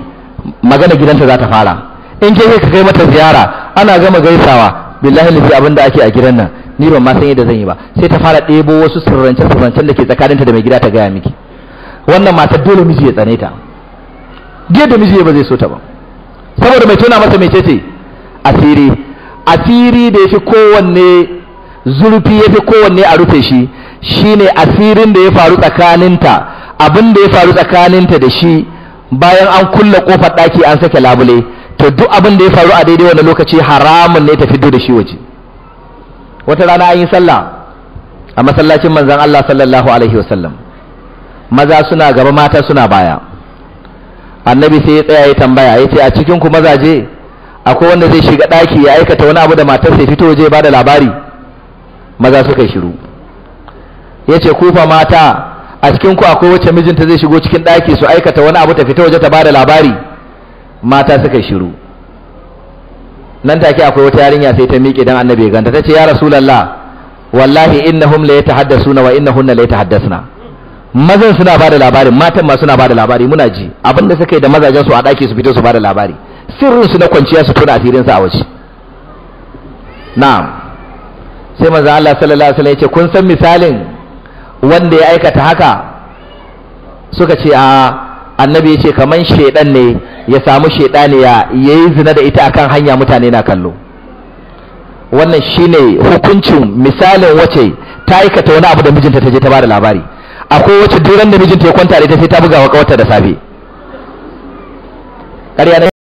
magana gidanta za ta fara in ke ka kai mata ziyara ana gama gaisawa billahi lafi abin da ake a gidan nan ni ban ma san yadda zan yi ba sai ta fara ɗebo wasu sirrance sirrancen da ke tsakaninta da mai gida ta gaya miki wannan matar dole miji ya tsane ta da miji ba zai so ta ba saboda mai tona masa mai ce asiri asiri da yafi kowanne zurfi yafi kowanne a rufe shi shine asirin da ya faru tsakaninta abin da ya faru tsakaninta da shi bayan an kulle kofar ɗaki an sake labule to duk abin da ya faru a daidai wani lokaci haramun ne ta fito da shi waje wata rana an yi sallah a masallacin manzan Allah sallallahu alaihi wasallam maza suna gaba mata suna baya annabi sai ya tsaya ya tambaya ya ce a cikin ku mazaje akwai wanda zai shiga ɗaki ya aikata wani abu da matar sai fito waje ba da labari maza suka shiru ya ce ku mata a cikin ku akwai wacce mijinta zai shigo cikin ɗaki su aikata wani abu ta fito waje ta ba da labari mata suka shiru nan take akwai wata yarinya sai ta miƙe dan annabi ya ganta tace ya rasulullah wallahi innahum la yatahaddasuna wa innahunna la yatahaddasna mazan suna bada labarin matan ma suna bada labari muna ji abinda suka yi da mazajen su a daki su fito su bada labari sirrin su na kwanciya su tona asirin su a waje na'am sai manzo Allah sallallahu alaihi wasallam yace kun san misalin wanda ya aikata haka suka ce a annabi ya ce kaman shaidan ne ya samu shaidaniya ya yi zina da ita akan hanya mutane na kallo wannan shine hukuncin misalin wace ta aikata wani abu da mijinta ta je ta ba da labari akwai wace duran da mijinta ya kwanta da ita sai ta buga wa kawarta da safe ƙarya